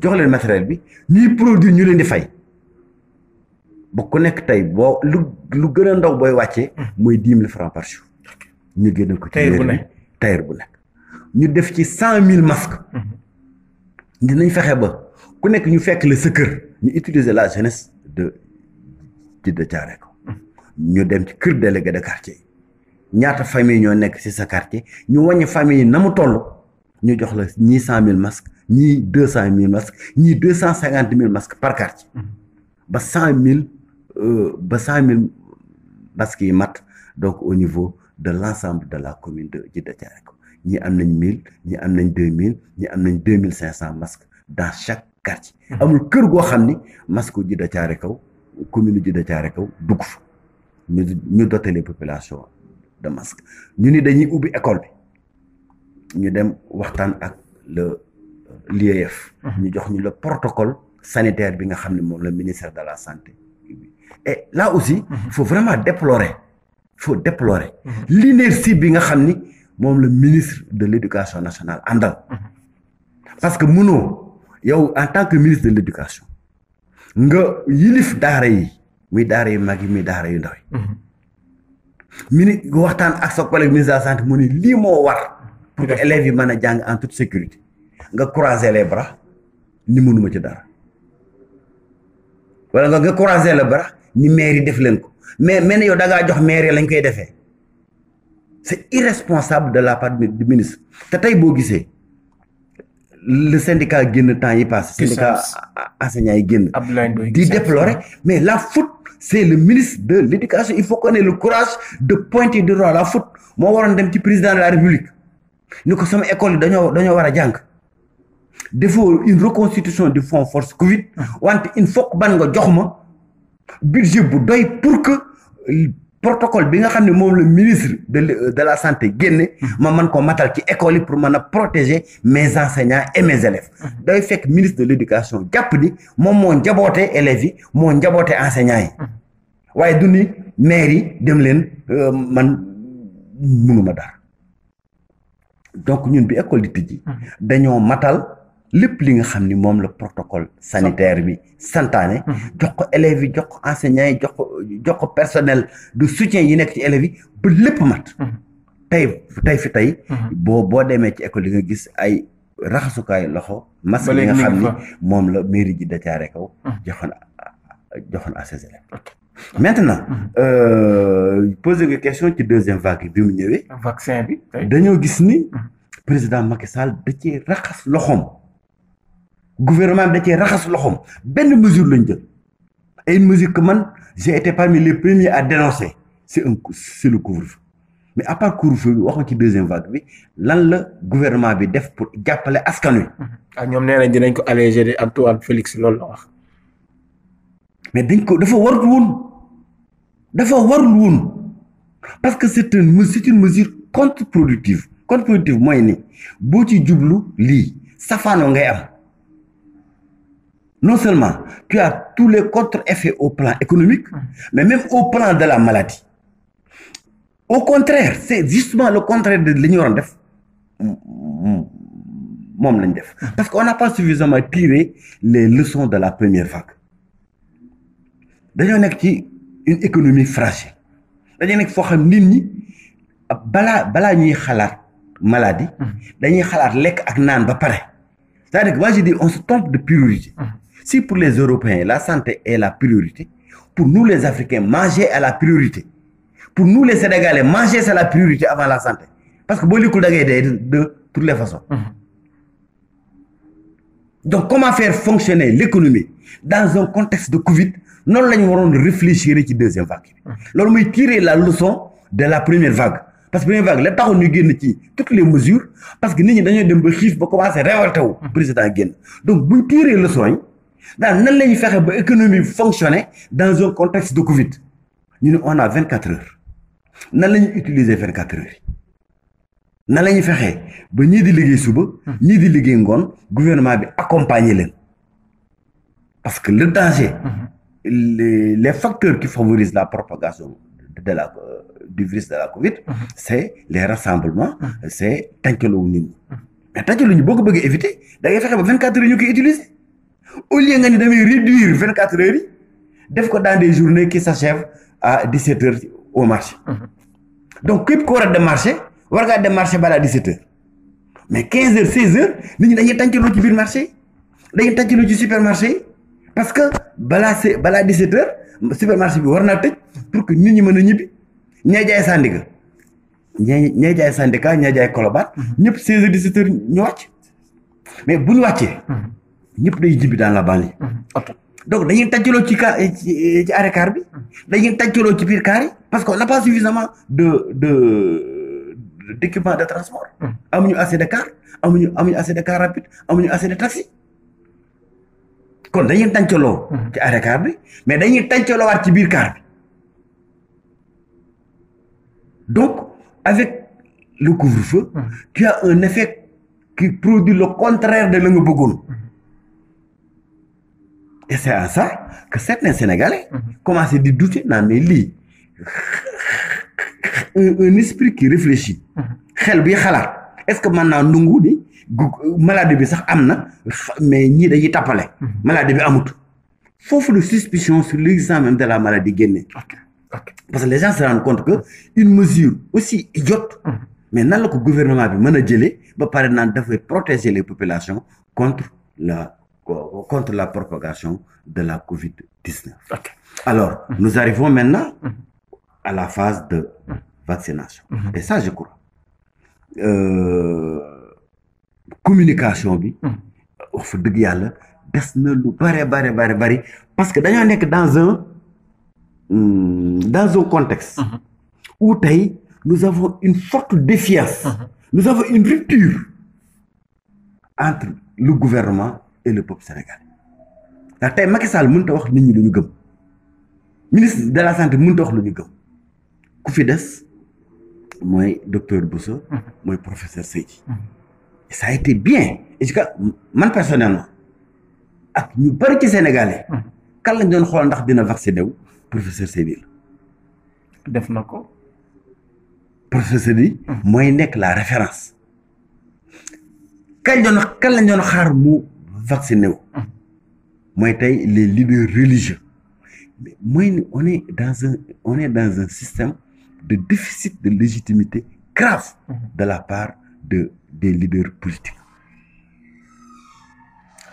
jox matériel bi ñuy produire ñu leen di fay ba ku nekk tey boo lu lu gën ndaw booy wàccee. mooy hmm. dix mille francs par ñu génne ko ci tailleur bu bu nekk. ñu def ci cent mille masques. Hmm. dinañ fexe ba ku nekk ñu fekk la sa kër. ñu utiliser la jeunesse de ci de jaaree hmm. ñu dem ci kër délégué de quartier yi ñaata famille ñoo nekk ci sa quartier ñu wàññi famille yi na mu toll ñu jox la ñii cent mille masques ñii deux cent mille masques ñii cent cinquante mille masques par quartier ba cent mille. Euh, ba cent mille basques yi mat donc au niveau de l' ensemble de la commune de Djiddah Thiaroye ñi am nañ mille ñi am nañ deux mille ñi am nañ deux mille cinq cent masques dans chaque quartier. Mhm. amul kër goo xam ni masque yu Djiddah Thiaroye Kao commune Djiddah Thiaroye Kao dugg fa ñu ñu doter les populations de masques ñu ni dañuy ubbi école bi ñu dem waxtaan ak le euh, l'IEF. Mhm. ñu jox ñu le protocole sanitaire bi nga xam ne moom la ministère de la santé. et là aussi. Mhm. il faut vraiment déplorer. il faut déplorer. Mhm. l'inertie bi nga xam ni moom la ministre de l' éducation nationale àndal. Mhm. parce que mënoo yow en tant que ministre de l' éducation nga yilif daara yi muy daara yu mag yi muy daara yu ndaw yi. waxtaan ak sa collègue ministre de la santé lii moo war. pour que élèves yi mën a jàng en toute sécurité. nga croiser les bras ni mënuma ci dara. wala nga nga croiser les bras ni maire yi def leen ko mais mel na jox maire lañ koy defee c'est irresponsable de la part du ministre te tey boo gisee le syndicat génn temps yi passe syndicat enseignants yi génn di déplorer mais la faute c'est le ministre de l'éducation il faut qu'on ait le courage de pointer du doigt la faute moo waroon dem ci président de la république ni ko sama école dañoo dañoo war a jàng defoo une reconstitution du fonds force covid ah. want il faut ban nga jox ma budget bu doy pour que protocole bi nga xam ne moom la ministre de euh, de la santé génne ma man koo matal ci école yi pour mën a protéger mais enseignants et mes élèves day fekk ministre de l'éducation jàpp ni moom moo njaboote élèves yi moo njaboote enseignants yi waaye du ni maire yi dem leen euh, man mënuma dara donc ñun bi école di tijji dañoo matal lépp li nga xam ni moom la protocole sanitaire bi santaane hmm. jox ko élèves yi jox ko jox ko jox ko personnel de soutien yi nekk ci élèves yi lépp mat hmm. tey tey fi tey hmm. boo boo demee ci école yi nga gis ay raxasukaay loxo masque yi nga xam ni moom la mairie ji dacaare kaw joxoon joxoon à ses élèves maintenant euh, poser nga question ci deuxième vague bi mu ñëwee vaccin bi dañoo gis ni président Macky Sall da ci raxas loxoom gouvernement bi da cee raxas loxoom benn mesure lañ jël et une mesure que man j'ai été parmi les premiers à dénoncer c'est un c'est le couvre-feu mais à part fi feu bi waxoon ci deuxième vague bi lan la gouvernement bi def pour jàppale askan wi. ah ñoom nee nañ dinañ ko alléger di Antoine Félix loolu la wax. dañ ko dafa warul woon dafa warul woon parce que c'est une mesure c'est une mesure contre-productive contre-productive mooy ni boo ci jublu lii safaanoo ngay am. non seulement tu as tous les contre-effets au plan économique, mais même au plan de la maladie. Au contraire, c'est justement le contraire de l'ignorant def. Parce que on n'a pas suffisamment tiré les leçons de la première vague. D'ailleurs, nekk ci une économie fragile. D'ailleurs, on a faut que nous, bala bala ñuy xalaat maladie dañuy xalaat lekk ak naan ba pare c'est-à-dire que moi je dis on se trompe de priorité Si pour les Européens, la santé est la priorité, pour nous les Africains, manger et la priorité. Pour nous les Sénégalais, manger c'est la priorité avant la santé. Parce que bon, de toutes les façons. Mmh. Donc, comment faire fonctionner l'économie dans un contexte de Covid Non, là, nous allons réfléchir à la deuxième vague. Mhm. loolu allons tirer la leçon de la première vague. Parce que la première vague, l'État a toutes les mesures, parce que ni avons dañoo des chiffres pour commencer à révolter le mhm. président. Donc, nous tirer la daal nan la ñuy fexe ba économie fonctionner dans un contexte de Covid ñu ne on a vingt quatre heures nan la ñuy utiliser vingt quatre heures yi nan la ñuy fexee ba ñii di liggéey suba hmm. ñii di liggéey ngoon gouvernement bi accompagner leen parce que le danger hmm. les les facteurs qui favorisent la propagation de la euh, du virus de la Covid hmm. c'est les rassemblements c'est tàncaloo nit ñi mais tàncaloo ñu boo ko bëggee éviter da ngay ba vingt quatre heures ñu koy utiliser au lieu nga ni damay réduire vingt quatre heures yi def ko dans des journées qui s'achèvent à dix sept heures au marché mhm. donc képp ko war a démarché war ngaa démarché balaa dix sept heures mais quinze heures seize heures nit ñi dañuy tàncaloo ci biir marché yi dañuy tàncaloo ci supermarché yi parce que bala se balaa dix sept heures supermarché bi war naa tëj pour que nit ñi mën a ñibbi ñay jaay Sandaga ñay jaay Sandaga ñay jaay Colobane mhm. ñëpp seize heures dix sept heures ñu wàcc mais bu ñu wàccee mhm. ñëpp day jibi dans la banlieue. Mm-hmm. oto donc dañuy tàccaloo ci car ci ci arrêt car bi. dañuy tàccaloo ci biir car yi. que qu'on n'a pas suffisamment de de de transport. Mm-hmm. amuñu assez de car amuñu amuñu assez de car rapide amuñu assez de taxi. kon dañuy tàncaloo. Mm-hmm. ci arrêt bi mais dañuy tàncaloo waat ci biir car bi. donc avec le couvre-feu. tu as un effet qui produit le contraire de la nga bëggoon. et c'est à ça que certains Sénégalais mhm. commencent di douter naan mais lii un esprit qui réfléchit mhm. xel bi xalaat est-ce que man naa nungu di maladie bi sax am na mais ñii dañuy tàppale mhm. maladie bi amut foofu la suspicion sur l'examen même de la maladie génne parce que les gens se rendent compte que une mesure aussi idiote mais nan la ko gouvernement bi mën a jëlee ba pare naan dafay protéger les populations contre la contre la propagation de la COVID-19. Okay. Alors, mmh. nous arrivons maintenant mm-hmm. à la phase de mm-hmm. vaccination. Mm-hmm. Et ça, je crois. Euh, communication bi. wax dëgg yàlla des na lu bare bare bare parce que dañoo nekk dans un hmm, dans un contexte. où tey nous avons une forte défiance. nous avons une rupture entre le gouvernement. et le peuple sénégalais ndax tey Macky Sall wax nit ñi lu ñu gëm ministre de la santé mënut wax lu ñu gëm ku fi des mooy docteur Boussa. Mhm. mooy professeur Seydi. Mhm. et ça a été bien et jusqu'à man personnellement ak ñu bari ci sénégalais. Mhm. kan lañ doon xool ndax dina vacciné wu professeur Seydi la. def na ko. professeur Seydi. mooy nekk la référence. kañ doon kan lañ xaar mu. vacciné wu hmm. mooy tey les leaders religieux mooy ni on est dans un on est dans système de déficit de légitimité grave hmm. de la part de des leaders politiques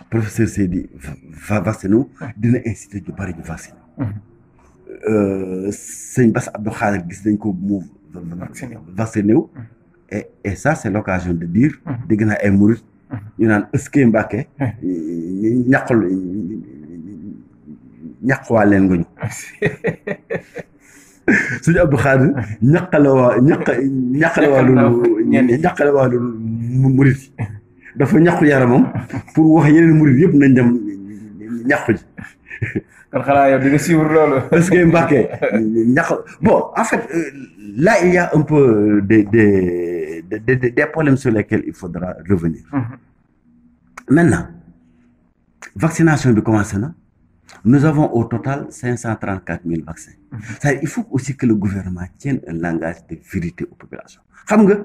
professeur Seydi va vacciné wu hmm. dina inciter ju bari ñu vacciné euh, sëñ Bass Abdou Khadre gis nañ ko mu vacciné et ça c'est l'occasion de dire dégg naa ay <laughs> ñu naan ëskee Mbàkke <laughs> ñaqul ñaqwaa leen nga ñu suñu <laughs> Abdou Xaadir ñaqale waa ñaq ñaqale waa loolu ñaqale waa loolu murit dafa ñaqu yaramam pour wax yeneen murit yëpp nañ dem ñaqu ji kon xanaa yow di nga loolu parce Mbàkke ñaq bon en fait euh, là il y a un peu de, de, des problèmes sur lesquels il faudra revenir. Mhm. Maintenant, vaccination bi commencé na nous avons au total cinq cent trente quatre mille vaccins. Mm il faut aussi que le gouvernement tienne un langage de vérité aux populations. xam nga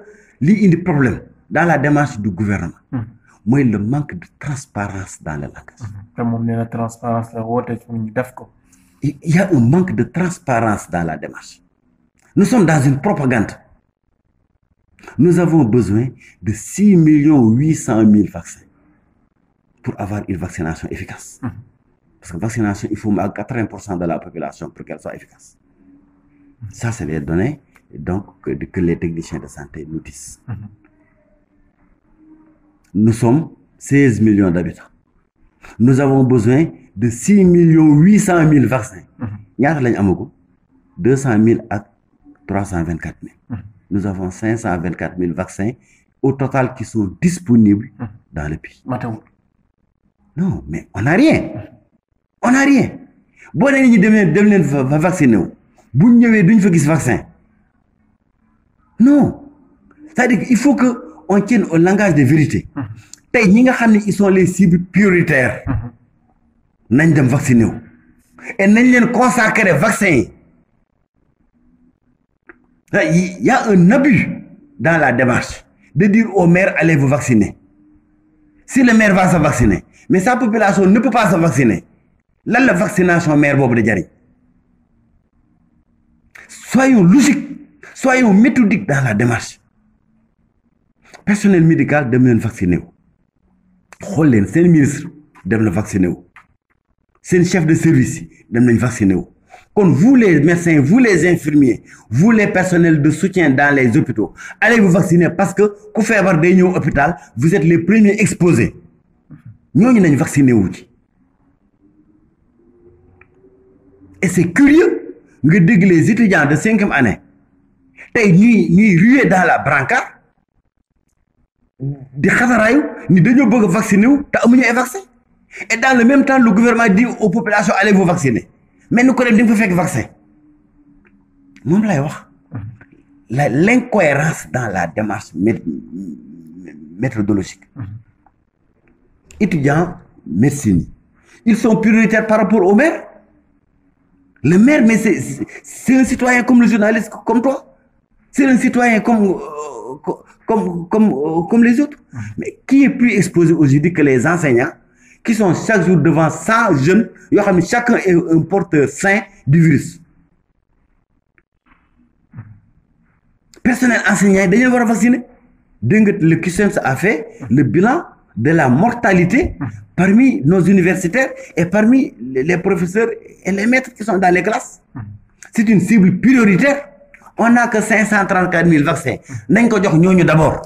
li indi problème dans la démarche du gouvernement. Mhm. mooy le manque de transparence dans le langage. Mhm. te moom nee transparence la woote pour ñu def ko. il y un manque de transparence dans la démarche. nous sommes dans une propagande. Nous avons besoin de 6 800 mille vaccins pour avoir une vaccination efficace. Mmh. Parce que vaccination, il faut 80% de la population pour qu'elle soit efficace. Mmh. Ça, c'est les données donc, que, que, les techniciens de santé nous disent. Mmh. Nous sommes 16 millions d'habitants. Nous avons besoin de 6 800 000 vaccins. Il y a 200 000 à 324 000. nous avons 524 000 vaccins au total qui sont disponibles mmh. dans le pays. Matawul. non mais on n'a rien. on n'a rien boo nee ñu dem leen dem leen fa fa vacciné wu bu ñu ñëwee duñ fa gis vaccin non cest dire que il faut que on tienne au langage de vérité. tey ñi nga xam ne ils sont les cibles prioritaires. nañ dem vacciné wu. et nañ leen consacrer vaccin yi. Il y a un abus dans la démarche de diir au maire, allez vous vacciner. Si le maire va se vacciner, mais sa population ne peut pas vacciner, là, la vaccination maire Bob de Djari. Soyons logiques, soyons méthodiques dans la démarche. Personnel médical, demain vacciner. Xool leen seen ministre dem na vacciné wu seen chef de service yi dem nañ vacciné wo kon vous les médecins vous les infirmiers vous les personnels de soutien dans les hôpitaux allez vous vacciner parce que ku feebar day ñëw hôpital vous êtes les premiers exposés ñooñu nañ vacciné wu ci et c'est curieux nga dégg les de cinquième année tey ñuy ñuy ruer dans la brancard di xataraayu ni dañoo bëgg a vacciné wu te amuñu ay vaccin et dans le même temps le gouvernement dit aux populations allez vacciner benn kuréel di nga fa fekk vaccin moom lay wax la l'incohérence dans la démarche méthodologique étudiants médecine yi ils sont prioritaires par rapport au maire le maire mais c'est c'est un citoyen comme le journaliste comme toi c'est un citoyen comme euh, comme comme euh, comme les autres mais qui est plus exposé aujourd'hui que les enseignants qui sont chaque jour devant cent jeunes yoo xam ne chacun est un porteur sain du virus personnel enseignant yi dañu war a vacciner dégg nga le CUSEMS e a fait le bilan de la mortalité parmi nos universitaires et parmi les professeurs et les maîtres qui sont dans les classes c'est une cible prioritaire on n'a que cinq cent trente quatre mille vaccins nañ ko jox ñooñu d'abord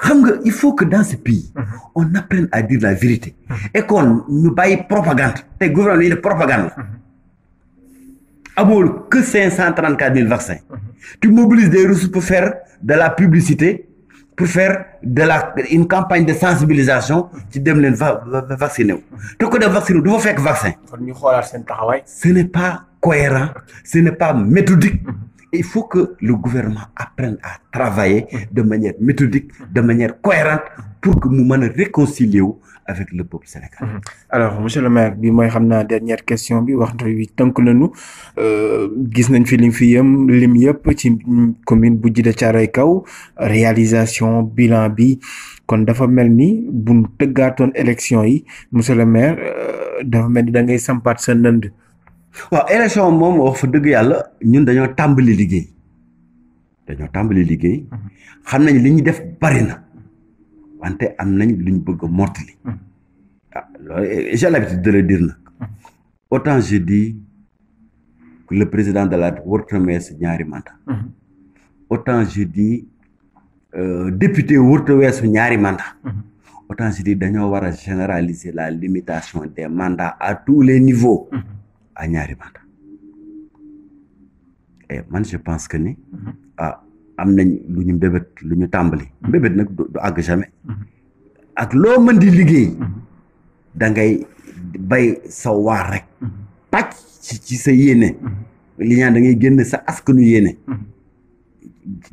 xam nga il faut que dans ce pays. Mhm. on apprenne à dire la vérité. Mhm. et qu'on ñu bàyyi propagande. te gouvernement yi ne propagande la. Mhm. amool que cinq cent trente quatre mille vaccins. tu mobilises des ressources pour faire de la publicité pour faire de la une campagne de sensibilisation ci dem leen va vacciné wu. te ko def vacciné wu du fa vaccin. ñu xoolaat seen taxawaay. ce n'est pas cohérent ce n'est pas méthodique. il faut que le gouvernement apprenne à travailler de manière méthodique de manière cohérente pour que mu mën a réconcilier wu avec le peuple sénégalais. Mhm. alors monsieur le maire bi mooy xam naa dernière question bi waxtu wi tënk nañu euh, gis nañ fi lim fi yëm lim yëpp ci commune bu Djiddah Thiaroye Kaw réalisation bilan bi kon dafa mel ni buñ tëggaatoon élection yi monsieur le maire euh, dafa mel ni da ngay sampaat sa nënd. waaw élection moom wax fa dëgg yàlla ñun dañoo tàmbali liggéey dañoo tàmbali liggéey mhm. xam nañ li ñuy def bari wante am nañ luñ bëgg a mottali mhm. ah loolu eh, j'ai l'habitude mhm. le président de la warut euh, a weesu ñaari mandat autant je dis député warut a weesu ñaari mandat autant dañoo war a généraliser la limitation des mandats à tous les niveaux à ñaari baat man je pense que ni mhm. ah am nañ lu ñu mbébét lu ñu tàmbali mhm. mbébét nag du àgg jamais mhm. ak loo mën di liggéey dangay bay sa waar rek pàcc ci sa yéene li ñaan da ngay génn sa askanu yéene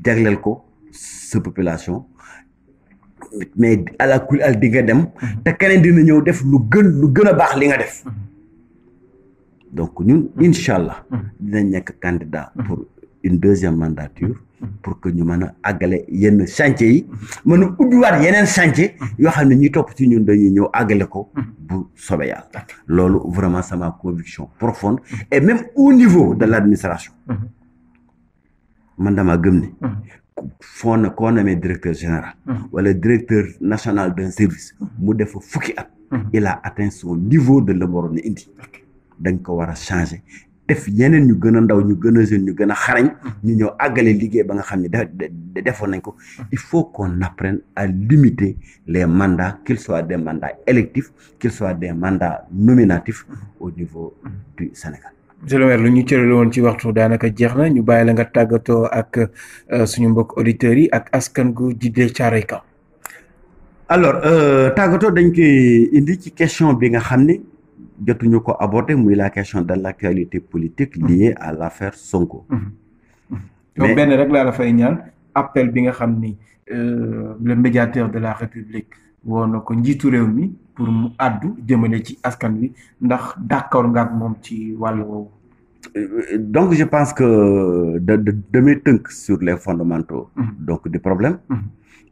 jagleel ko sa population mais àla kul al di dem te keneen dina ñëw def lu gën lu gën a baax li nga def donc ñun hmm. incha allah. Hmm. dinañ nekk candidat hmm. pour une deuxième mandature. pour que ñu mën a àggale yenn chantier yi. mën a ubbiwaat yeneen chantier. yoo xam ne ñi topp ci ñun dañuy ñëw àggale ko. bu soobee yàlla. loolu vraiment sama conviction profonde. et même au niveau de l' administration. man gëm ni. foo na koo directeur général. wala directeur national d'un service. mu def fukki at. il a atteint niveau de la waroon indi. dañ ko war a changer def yeneen ñu gën a ndaw ñu gën a jeune ñu gën a xarañ ñu ñëw àggale liggéey ba nga xam ne de defoon nañ ko il faut qu'on apprenne à limiter les mandats qu'ils soient des mandats électifs qu'ils soient des mandats nominatifs au niveau du Sénégal monsieur le maire lu ñu cërale woon ci waxtu daanaka jeex na ñu bàyyi la nga tàggatoo ak euh, suñu mbokk auditeurs yi ak askan gu jiddee caaroy kaw alors euh, tàggatoo dañ koy indi ci question bi nga xam ne jotuñu ko aborder muy la question de l' actualité politique mm-hmm. liée à l' affaire Sonko. Mm-hmm. Mm-hmm. mais benn rek laa la fay ñaan appel bi nga xam ni euh, la médiateur de la République woo na ko njiitu réew mi pour mu àddu jëmale ci askan wi ndax d' accord nga moom ci wàllu woowu. Euh, donc je pense que da damay tënk sur les fondamentaux. donc du problème.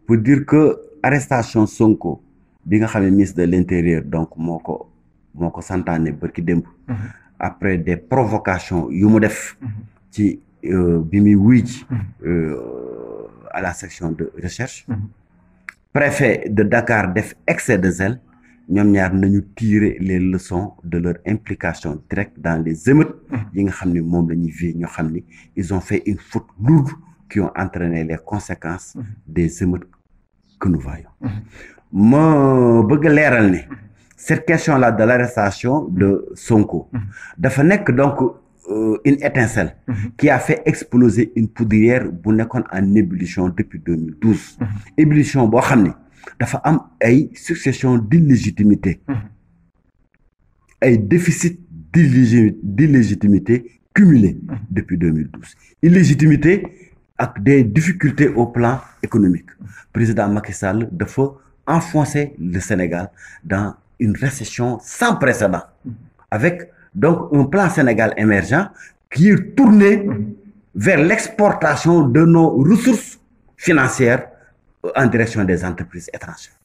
pour dire que arrestation Sonko bi nga xam ne ministre de l' intérieur donc moo ko. moo ko santaane bërki démb mhm. après des provocation yu mu def mhm. ci euh, bi muy wuy ji mhm. euh, à la section de recherche préfet de Dakar def excès de zèle ñoom ñaar nañu tirer les leçons de leur implication direct dans les émeutes yi nga xam ni moom la ñuy vie ñoo xam ni ils ont fait une faute lourde qui ont entraîné les conséquences des émeutes que nous voyons bëgg leeral ne cette question là de l'arrestation de Sonko. Mhm. dafa nekk donc euh, une étincelle. Mhm. qui a fait exploser une poudrière bu nekkoon en ébullition depuis 2012. Mhm. ébullition boo xam ni dafa am ay succession d'illégitimité ay déficit d'illégitimité cumulé depuis 2012 illégitimité ak des difficultés au plan économique président Macky Sall dafa enfoncer le Sénégal dans une récession sans précédent, avec donc un plan Sénégal émergent qui est tourné vers l'exportation de nos ressources financières en direction des entreprises étrangères.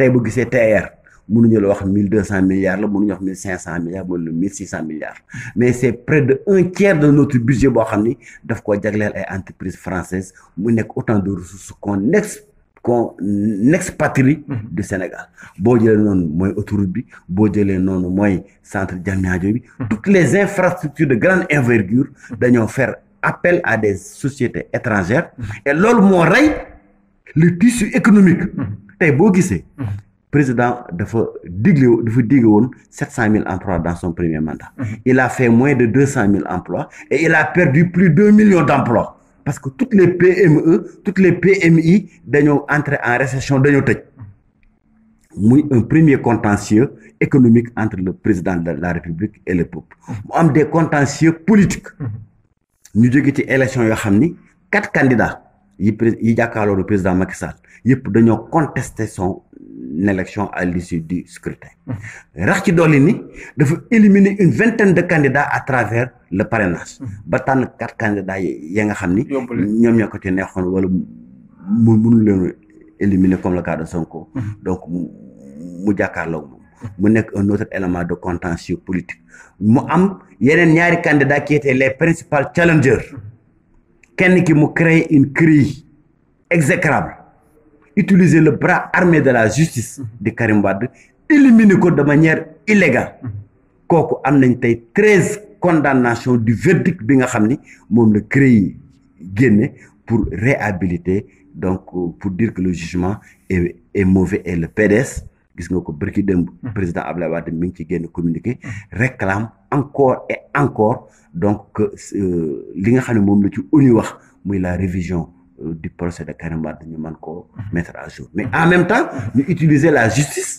tey bu gisee TER mënuñu la wax mille deux cent milliards la mënuñu wax mille cinq cent milliards mënuñu la mille six cent milliards mais c'est près de un tiers de notre budget boo xam ni daf koo jagleel ay entreprises françaises mu nekk autant de ressources qu'on qu'on expatrie mhm. du Sénégal boo jëlee noonu mooy autoroute bi boo jëlee noonu mooy centre Diamniadio bi mhm. toutes les infrastructures de grande envergure mhm. dañoo faire appel à des sociétés étrangères et loolu moo rey le tissu économique tey boo gisee président dafa digle dafa digle woon sept cent mille emplois dans son premier mandat il a fait moins de cent mille emplois et il a perdu plus deux millions d'emplois parce que toutes les PME toutes les PMI dañoo entrer en récession dañoo tëj muy un premier contentieux économique entre le président de la République et le peuple mu am des contentieux politiques ñu jóge ci élection yoo xam ni quatre candidats yi pré yi jàkkaarloo le président Macky yëpp dañoo contester son élection à l'issue du scrutin. rax ci dolli ni dafa éliminer une vingtaine de candidats à travers le parrainage. ba tànn quatre candidats yi nga xam ni. ñoom ñoo ko ci neexoon wala mu mënu leen éliminer comme le cas de Sonko. donc mu jàkkaarloo moom. mu nekk un autre élément de contentieux politique mu am yeneen ñaari candidats qui les principaux challengers kenn ki mu créer une crise exécrable. utiliser le bras armé de la justice mhm. di Karim Wade éliminer ko de manière illégale mhm. kooku am nañ tey treize condamnation du verdict bi nga xam ni moom la CREI génne pour réhabiliter donc euh, pour dire que le jugement est mauvais et le PDS gis nga ko bërki démb mhm. président Abdoulaye Wade mi ngi ci génn communiqué réclame encore et encore donc euh, li nga xam ne moom la ci ONU wax muy la révision du procès de Karim Wade ñu mën koo mhm. mettre à jour mais en même temps ñu utiliser la justice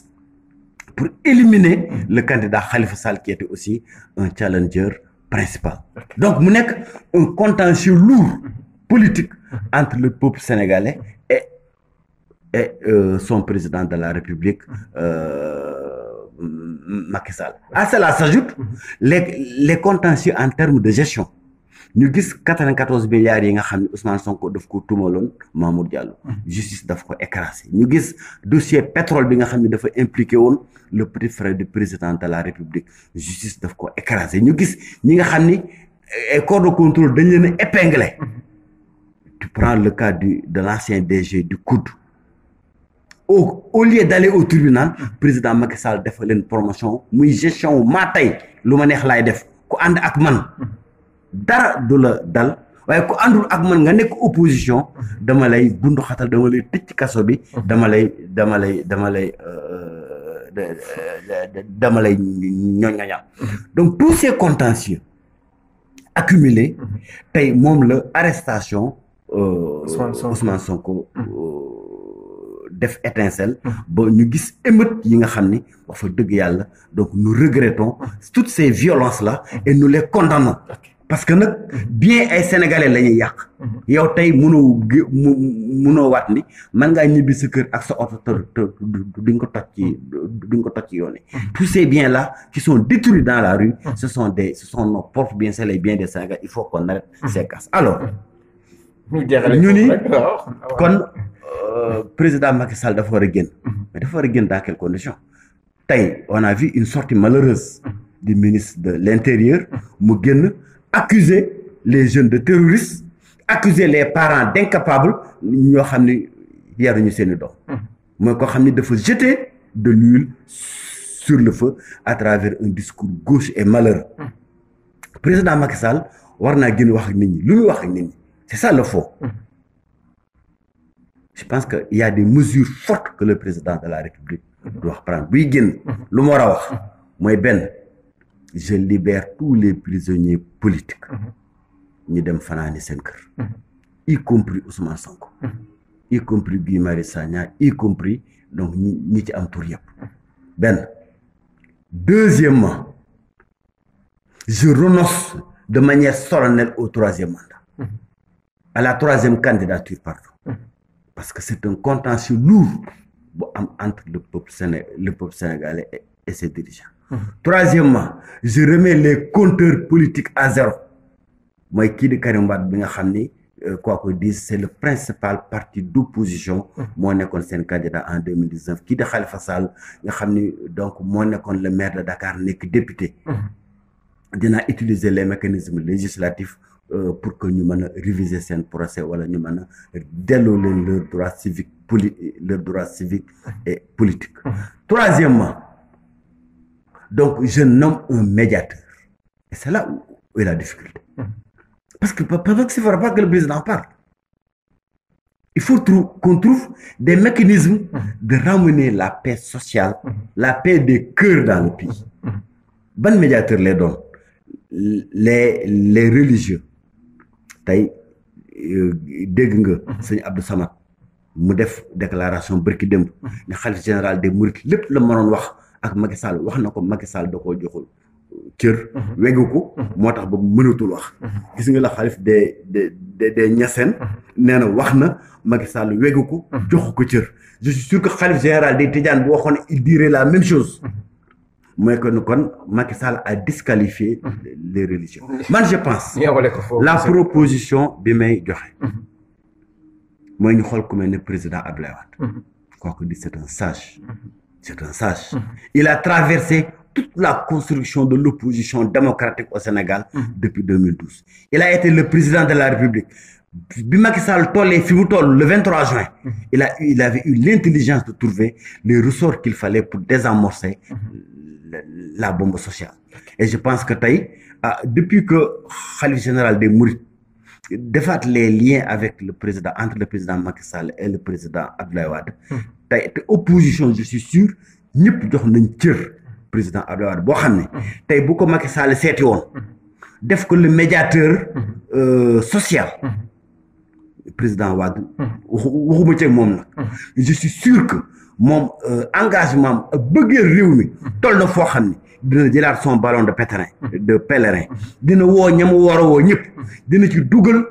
pour éliminer le candidat Khalifa Sall qui était aussi un challenger principal donc mu nekk un contentieux lourd mhm. politique mhm. entre le peuple sénégalais et et euh, son président de la République euh, Macky Sall à cela s'ajoute les les contentieux en termes de gestion ñu gis 94 milliards yi nga xam ne Ousmane Sonko daf ko tuumaloon Mamour Diallo. justice daf ko écrasé ñu gis dossier pétrole bi nga xam ne dafa impliqué woon le petit frère du président de la république justice daf ko écrasé ñu gis ñi nga xam ni eh, eh, corps de contrôle dañ leen a épinglé. tu le cas du de l' ancien DG du COUD. au au lieu d' aller au tribunal président Macky Sall dafa leen promotion muy gestion wu maa tey lu ma neex laay def ku ànd ak man. dara du la dal waaye ko àndul ak man nga nekk opposition dama lay bundu xatal dama lay tëj kaso bi dama lay dama lay dama lay euh, dama lay ñoñoña donc tous ces contentieux accumulés tey moom la arrestation euh, Ousmane Sonko mm-hmm. euh, def étincelle ba ñu gis émeute yi nga xam ni wax fa dëgg yàlla donc nous regrettons mm-hmm. toutes ces violences là et nous les condamnons parce que nag mhm. bien ay sénégalais la ñuy yàq. Mhm. yow tey mënoo mu ni man ngaa ñibbi sa kër ak sa oto te te duñ ko toj ci mhm. duñ ko toj ci yoon yi. tous ces bien la ki sont détruits dans la rue. ce sont des ce sont nos propres biens c'est les biens des Sénégalais il faut qu'on arrête ces cas alors. ñu ni kon euh, président Macky Sall dafa war a génn. mais dafa war a génn dans quelles conditions. tey on a vu une malheureuse. du ministre de l'intérieur mu génn. accuser les jeunes de terroristes accuser les parents d'incapables ñoo xam ni yaruñu seeni doom mhm. mooy koo xam ni dafa jete de l'huile sur le feu à travers un discours gauche et malheureux mhm. président Macky Sall war naa gën wax nit ñi lu muy wax ak nit ñi c'est ça le faux mhm. je pense que il y a des mesures fortes que le président de la République doit prendre buy génn lu mu war a wax mooy benn je libère tous les prisonniers politiques mhm. ñu dem fanaani seen kër mhm. y compris Ousmane Sonko mhm. y compris Guy Marius Sagna y compris donc ñi ñi ci am tur yëpp benn deuxièmement je renonce de manière solennelle au troisième à la troisième candidature pardon parce que c'est un contentieux lourd bu am entre le peuple séné le peuple sénégalais et ses dirigeants troisièmement je remets les compteurs politiques à zéro mooy kii di Karim bi nga xam ni euh, quoi qu'on dise c'est le principal parti d'opposition moo nekkoon seen candidat en 2019 kii di Khalifa Sall nga xam ni donc moo nekkoon le maire de Dakar nekk député mm-hmm. dinaa utiliser les mécanismes législatifs euh, pour que ñu mën a réviser seen procès wala ñu mën a delloo leen leur droit civique poli leur droit civique Donc, je nomme un médiateur. Et c'est là où est la difficulté. Mhm. Parce que pendant que ce ne faudra pas que le président parle. Il faut qu'on trouve des mécanismes mhm. de ramener la paix sociale, mhm. la paix des cœurs dans le pays. Ban médiateur les donne les, les religieux. Taï, euh, dégg nga sëñ Abdou Samad mu def déclaration bërki démb ne xalif général des Mourides lépp la mënoon wax ak Macky Sall wax na ko Macky Sall da ko joxul cër mhm. wegu ko mhm. moo tax ba mënatul wax mhm. gis nga la xalif des des des Niassène nee na wax na Macky Sall wegu ko jox ko cër je suis sûr que xalif général des Tidiane bu waxoon il dirait la même chose mooy que ni kon Macky Sall a disqualifié les religions man je pense la proposition bi may joxe mooy ñu xool ku mel ne président Abdoulaye Wade kooku di c'est un sage C'est un sage. Mm-hmm. Il a traversé toute la construction de l'opposition démocratique au Sénégal mm-hmm. depuis 2012. Il a été le président de la République. bi Macky Sall tollee fi mu toll le 23 juin. Mm-hmm. il a il avait eu l'intelligence de trouver les ressorts qu'il fallait pour désamorcer la bombe sociale. et je pense que tey ah depuis que khalife général des Mourides defaat les liens avec le président entre le président Macky Sall et le président Abdoulaye Wade. tey te opposition je suis sûr ñëpp jox nañ cër président Abdoulaye Wade boo xam ne mm-hmm. tey bu ko Macky Sall seeti woon mm-hmm. def ko le médiateur mm-hmm. euh, social président Wade waxuma ci moom nag je suis sûr que moom euh, engagement am ak bëggee réew mi toll na foo xam ne dina jëlaat son ballon de pétrin de pèlerin dina woo ñam war a woo ñëpp dina ci dugal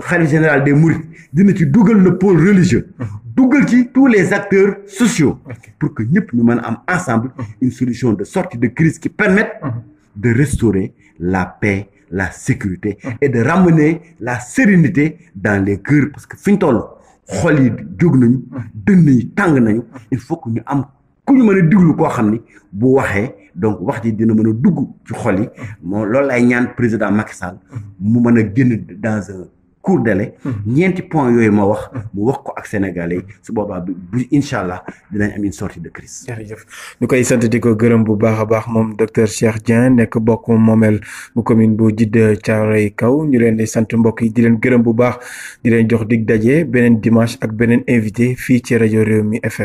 xalif général des mourides dina ci dugal le pôle religieux dugal ci tous les acteurs sociaux pour que ñëpp ñu mën a am ensemble une solution de sortie de crise qui permette uh-huh. de restaurer la paix la sécurité uh-huh. et de ramener la sérénité dans les cœurs parce que fi ñu toll xol yi jóg nañu uh-huh. yi tàng nañu il faut que ñu am ku ñu mën a diglu koo xam ni bu waxee donc wax ji dina mën a dugg ci xol yi moo loolu lay ñaan président Macky Sall mu mën a génn dans court délai. Mm-hmm. ñeenti point yooyu ma wax. Mm-hmm. mu wax ko ak sénégalais su boobaa bu incha allah dinañ am une sortie de crise. ñu koy sant di ko gërëm bu baax a baax moom docteur Cheikh Dieng nekk bokk moomeel mu commune bu Djiddah Thiaroye Kaw ñu leen di sant mbokk yi di leen gërëm bu baax di leen jox dig daje beneen dimanche ak beneen invité fii ci rajo Rewmi FM.